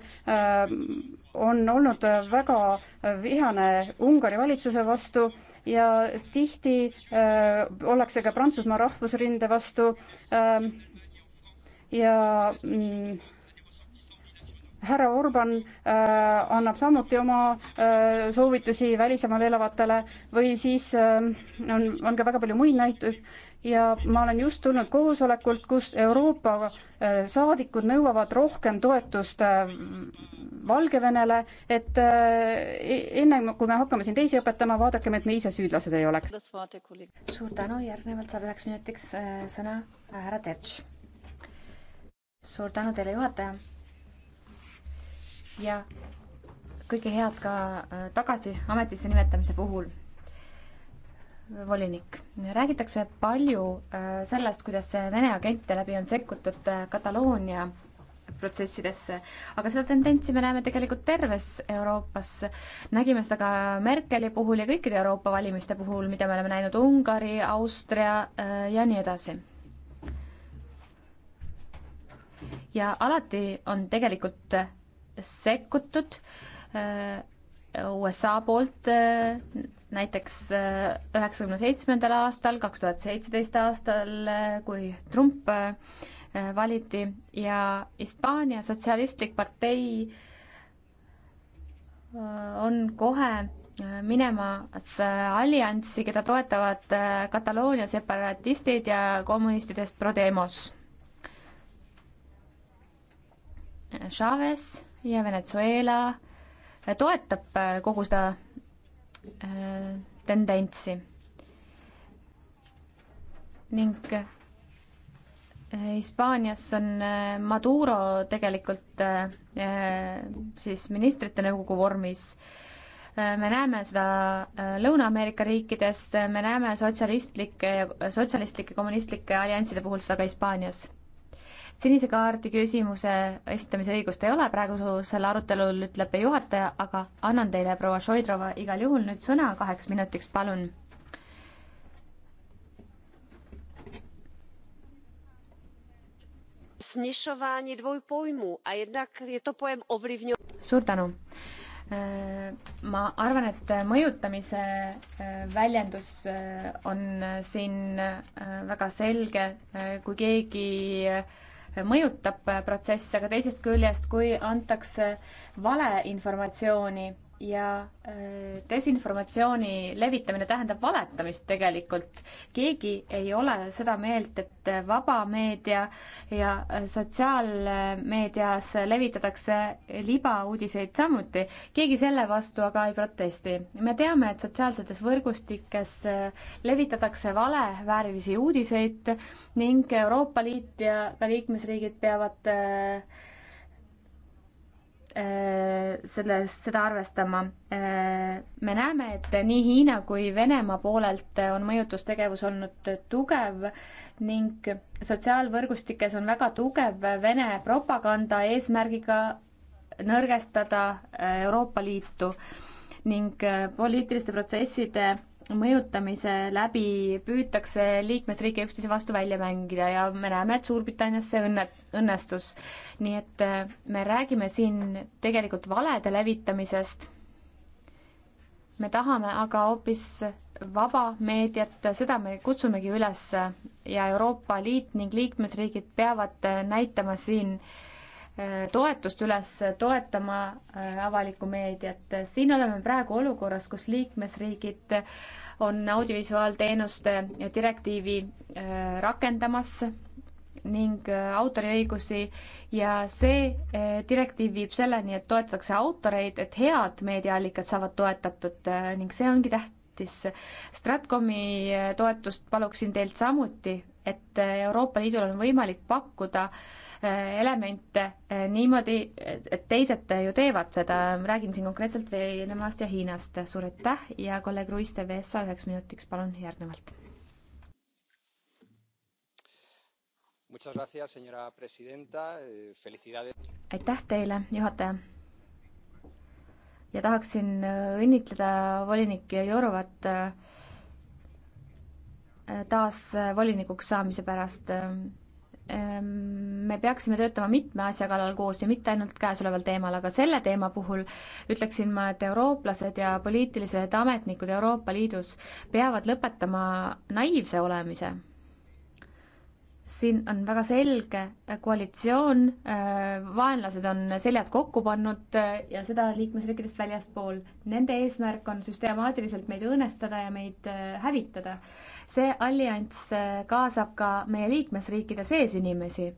on olnud väga vihane Ungari valitsuse vastu ja tihti ollakse ka Prantsusmaa rahvusrinde vastu ja mm, härra Orban äh, annab samuti oma äh, soovitusi välismaal elavatele või siis äh, on, on ka väga palju muid näiteid äh, ja ma olen just tulnud koosolekult, kus Euroopa äh, saadikud nõuavad rohkem toetust äh, Valgevenele, et äh, e-, enne kui me hakkame siin teisi õpetama, vaadakem, et me ise süüdlased ei oleks. suur tänu, järgnevalt saab üheks minutiks sõna härra Terts. suur tänu teile, juhataja. ja kõike head ka tagasi ametisse nimetamise puhul volinik, räägitakse palju äh, sellest, kuidas Vene agente läbi on sekkutud äh, Kataloonia protsessidesse, aga seda tendentsi me näeme tegelikult terves Euroopas. nägime seda ka Merkeli puhul ja kõikide Euroopa valimiste puhul, mida me oleme näinud Ungari, Austria äh, ja nii edasi. ja alati on tegelikult sekkutud USA poolt näiteks äh, üheksakümne seitsmendal aastal, kaks tuhat seitseteist aastal, äh, kui Trump äh, valiti ja Hispaania Sotsialistlik Partei on kohe minemas allianssi, keda toetavad Kataloonia separatistid ja kommunistidest Prodemos. Chavez ja Venezuela toetab kogu seda Äh, tendentsi. ning äh, Hispaanias on äh, Maduro tegelikult siis ministrite nõukogu vormis me näeme seda Lõuna-Ameerika riikides, me näeme sotsialistlike, sotsialistlike, kommunistlike allianside puhul seda ka Hispaanias sinise kaardi küsimuse esitamise õigust ei ole praegusel arutelul, ütleb juhataja, aga annan teile, proua Šoidrova, igal juhul nüüd sõna kaheks minutiks, palun. suur tänu äh, ma arvan, et mõjutamise äh, väljendus äh, on siin väga selge, kui keegi mõjutab protsesse, aga teisest küljest, kui antakse valeinformatsiooni ja äh, desinformatsiooni levitamine tähendab valetamist tegelikult. keegi ei ole seda meelt, et vaba meedia ja äh, sotsiaalmeedias levitatakse libauudiseid samuti. keegi selle vastu aga ei protesti. me teame, et sotsiaalsetes võrgustikes äh, levitatakse valeväärilisi uudiseid ning Euroopa Liit ja ka liikmesriigid peavad äh, Äh, sellest, seda arvestama. Äh, me näeme, et nii Hiina kui Venemaa poolelt on mõjutustegevus olnud tugev ning sotsiaalvõrgustikes on väga tugev Vene propaganda eesmärgiga nõrgestada äh, Euroopa Liitu ning poliitiliste protsesside mõjutamise läbi püütakse liikmesriike üksteise vastu välja mängida ja me näeme, et Suurbritannias see õnne, õnnestus. nii et äh, me räägime siin tegelikult valede levitamisest. me tahame aga hoopis vaba meediat, seda me kutsumegi üles ja Euroopa Liit ning liikmesriigid peavad äh, näitama siin äh, toetust üles toetama äh, avalikku meediat. siin oleme praegu olukorras, kus liikmesriigid on audiovisuaalteenuste direktiivi äh, rakendamas ning äh, autoriõigusi ja see direktiiv viib selleni, et toetatakse autoreid, et head meediaallikad saavad toetatud ning see ongi tähtis. Stratkomi toetust paluksin teilt samuti, et Euroopa Liidul on võimalik pakkuda äh, elemente eh, niimoodi, et teised ju teevad seda, räägin siin konkreetselt Venemaast ja Hiinast. suur aitäh ja kolleeg Ruiz TVSA üheks minutiks, palun järgnevalt. Eh, aitäh teile, juhataja ja tahaksin eh, õnnitleda volinik Jorovat taas volinikuks saamise pärast. Ehm, me peaksime töötama mitme asja kallal koos ja mitte ainult käesoleval teemal, aga selle teema puhul ütleksin ma, et eurooplased ja poliitilised ametnikud Euroopa Liidus peavad lõpetama naiivse olemise. siin on väga selge koalitsioon, ehm, vaenlased on seljad kokku pannud ehm, ja seda liikmesriikidest väljaspool. Nende eesmärk on süstemaatiliselt meid õõnestada ja meid hävitada see allianss äh, kaasab ka meie liikmesriikide sees inimesi.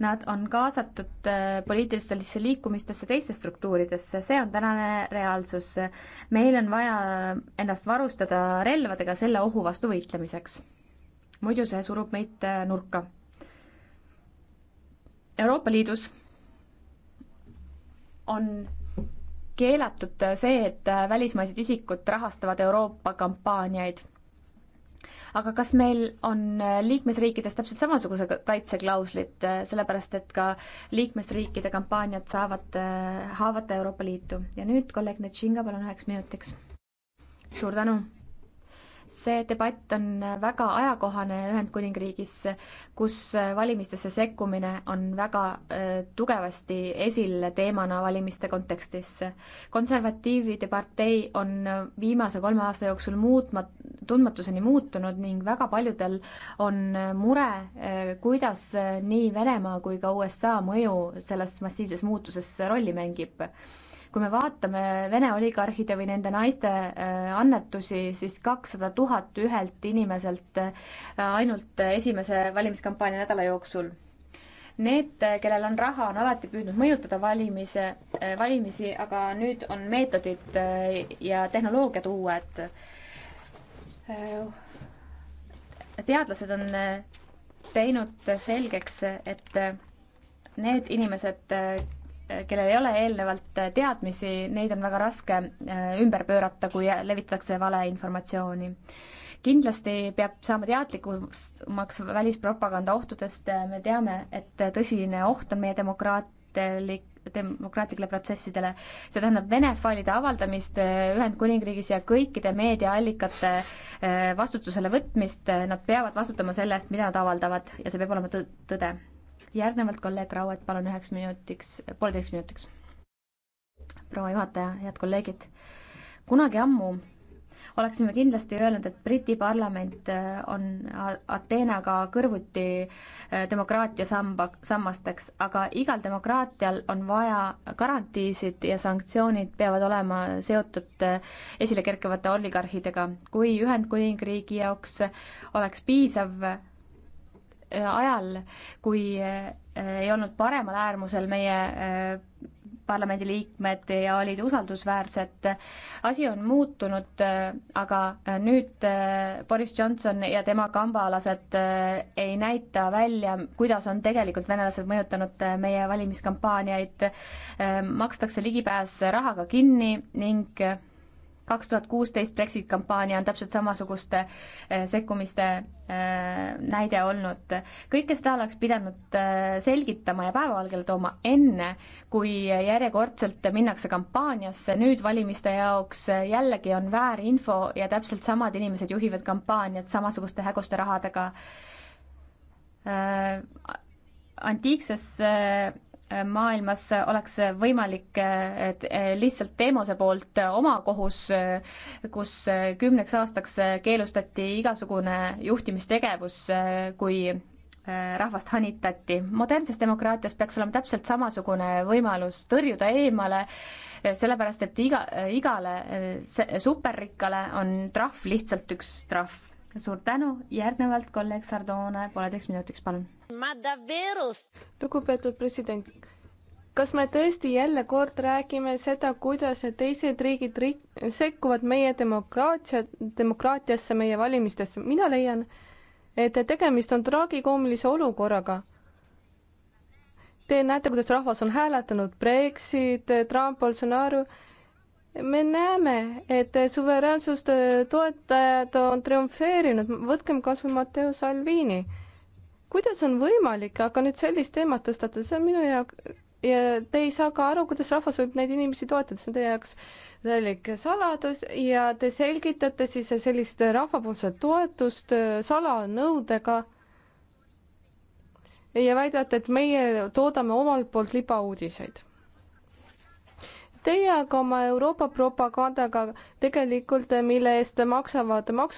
Nad on kaasatud äh, poliitilistesse liikumistesse, teiste struktuuridesse, see on tänane reaalsus. meil on vaja ennast varustada relvadega selle ohu vastu võitlemiseks. muidu see surub meid äh, nurka. Euroopa Liidus on keelatud see, et välismaised isikud rahastavad Euroopa kampaaniaid aga kas meil on äh, liikmesriikides täpselt samasuguse kaitseklauslid, äh, sellepärast et ka liikmesriikide kampaaniad saavad äh, haavata Euroopa Liitu ja nüüd kolleeg Netšinga, palun üheks minutiks. suur tänu see debatt on väga ajakohane Ühendkuningriigis, kus valimistesse sekkumine on väga äh, tugevasti esil teemana valimiste kontekstis. konservatiivide partei on viimase kolme aasta jooksul muutma, tundmatuseni muutunud ning väga paljudel on mure, äh, kuidas äh, nii Venemaa kui ka USA mõju selles massiivses muutuses rolli mängib kui me vaatame Vene oligarhide või nende naiste äh, annetusi, siis kakssada tuhat ühelt inimeselt äh, ainult esimese valimiskampaania nädala jooksul. Need, äh, kellel on raha, on alati püüdnud mõjutada valimise, valimisi, aga nüüd on meetodid ja tehnoloogiad uued. teadlased on teinud selgeks, et need inimesed, kellel ei ole eelnevalt teadmisi, neid on väga raske äh, ümber pöörata, kui levitatakse valeinformatsiooni kindlasti peab saama teadlikumaks välispropaganda ohtudest, me teame, et tõsine oht on meie demokraatlik, demokraatlikele protsessidele. see tähendab Vene failide avaldamist äh, Ühendkuningriigis ja kõikide meediaallikate äh, vastutusele võtmist, nad peavad vastutama selle eest, mida nad avaldavad ja see peab olema tõde järgnevalt kolleeg Rauet, palun üheks minutiks, pooleteiseks minutiks. proua juhataja, head kolleegid, kunagi ammu oleksime kindlasti öelnud, et Briti parlament äh, on Ateenaga kõrvuti äh, demokraatia samba, sammasteks, aga igal demokraatial on vaja garantiisid ja sanktsioonid peavad olema seotud äh, esile kerkivate oligarhidega. kui Ühendkuningriigi jaoks oleks piisav Äh, ajal, kui äh, ei olnud paremal äärmusel meie äh, parlamendiliikmed ja olid usaldusväärsed. asi on muutunud, aga nüüd Boris Johnson ja tema kambaalased ei näita välja, kuidas on tegelikult venelased mõjutanud meie valimiskampaaniaid. makstakse ligipääs rahaga kinni ning kaks tuhat kuusteist Brexit kampaania on täpselt samasuguste eh, sekkumiste eh, näide olnud. kõike seda oleks pidanud eh, selgitama ja päevavalgele tooma enne, kui järjekordselt minnakse kampaaniasse, nüüd valimiste jaoks jällegi on väärinfo ja täpselt samad inimesed juhivad kampaaniat samasuguste häguste rahadega. antiikses maailmas oleks võimalik eh, lihtsalt Teemose poolt oma kohus, eh, kus eh, kümneks aastaks keelustati igasugune juhtimistegevus, kui rahvast hanitati. modernses demokraatias peaks olema täpselt samasugune võimalus tõrjuda eemale, sellepärast et iga, igale superrikkale on trahv lihtsalt üks trahv suur tänu, järgnevalt kolleeg Sardoone pooleteist minutiks, palun. lugupeetud president, kas me tõesti jälle kord räägime seda, kuidas teised riigid riik, sekkuvad meie demokraatia, demokraatiasse, meie valimistesse, mina leian, et tegemist on traagikoomilise olukorraga Te näete, kuidas rahvas on hääletanud Brexit, Trump, Bolsonaro me näeme, et suveräänsust äh, toetajad on triumfeerinud, võtkem kas või Matteo Salvini. kuidas on võimalik aga nüüd sellist teemat tõstatada, see on minu jaoks ja te ei saa ka aru, kuidas rahvas võib neid inimesi toetada, see on teie jaoks täielik saladus ja te selgitate siis sellist rahvapoolset toetust äh, salanõudega. ja väidate, et meie toodame omalt poolt libauudiseid Teie aga oma Euroopa propagandaga tegelikult, mille eest maksavad maksu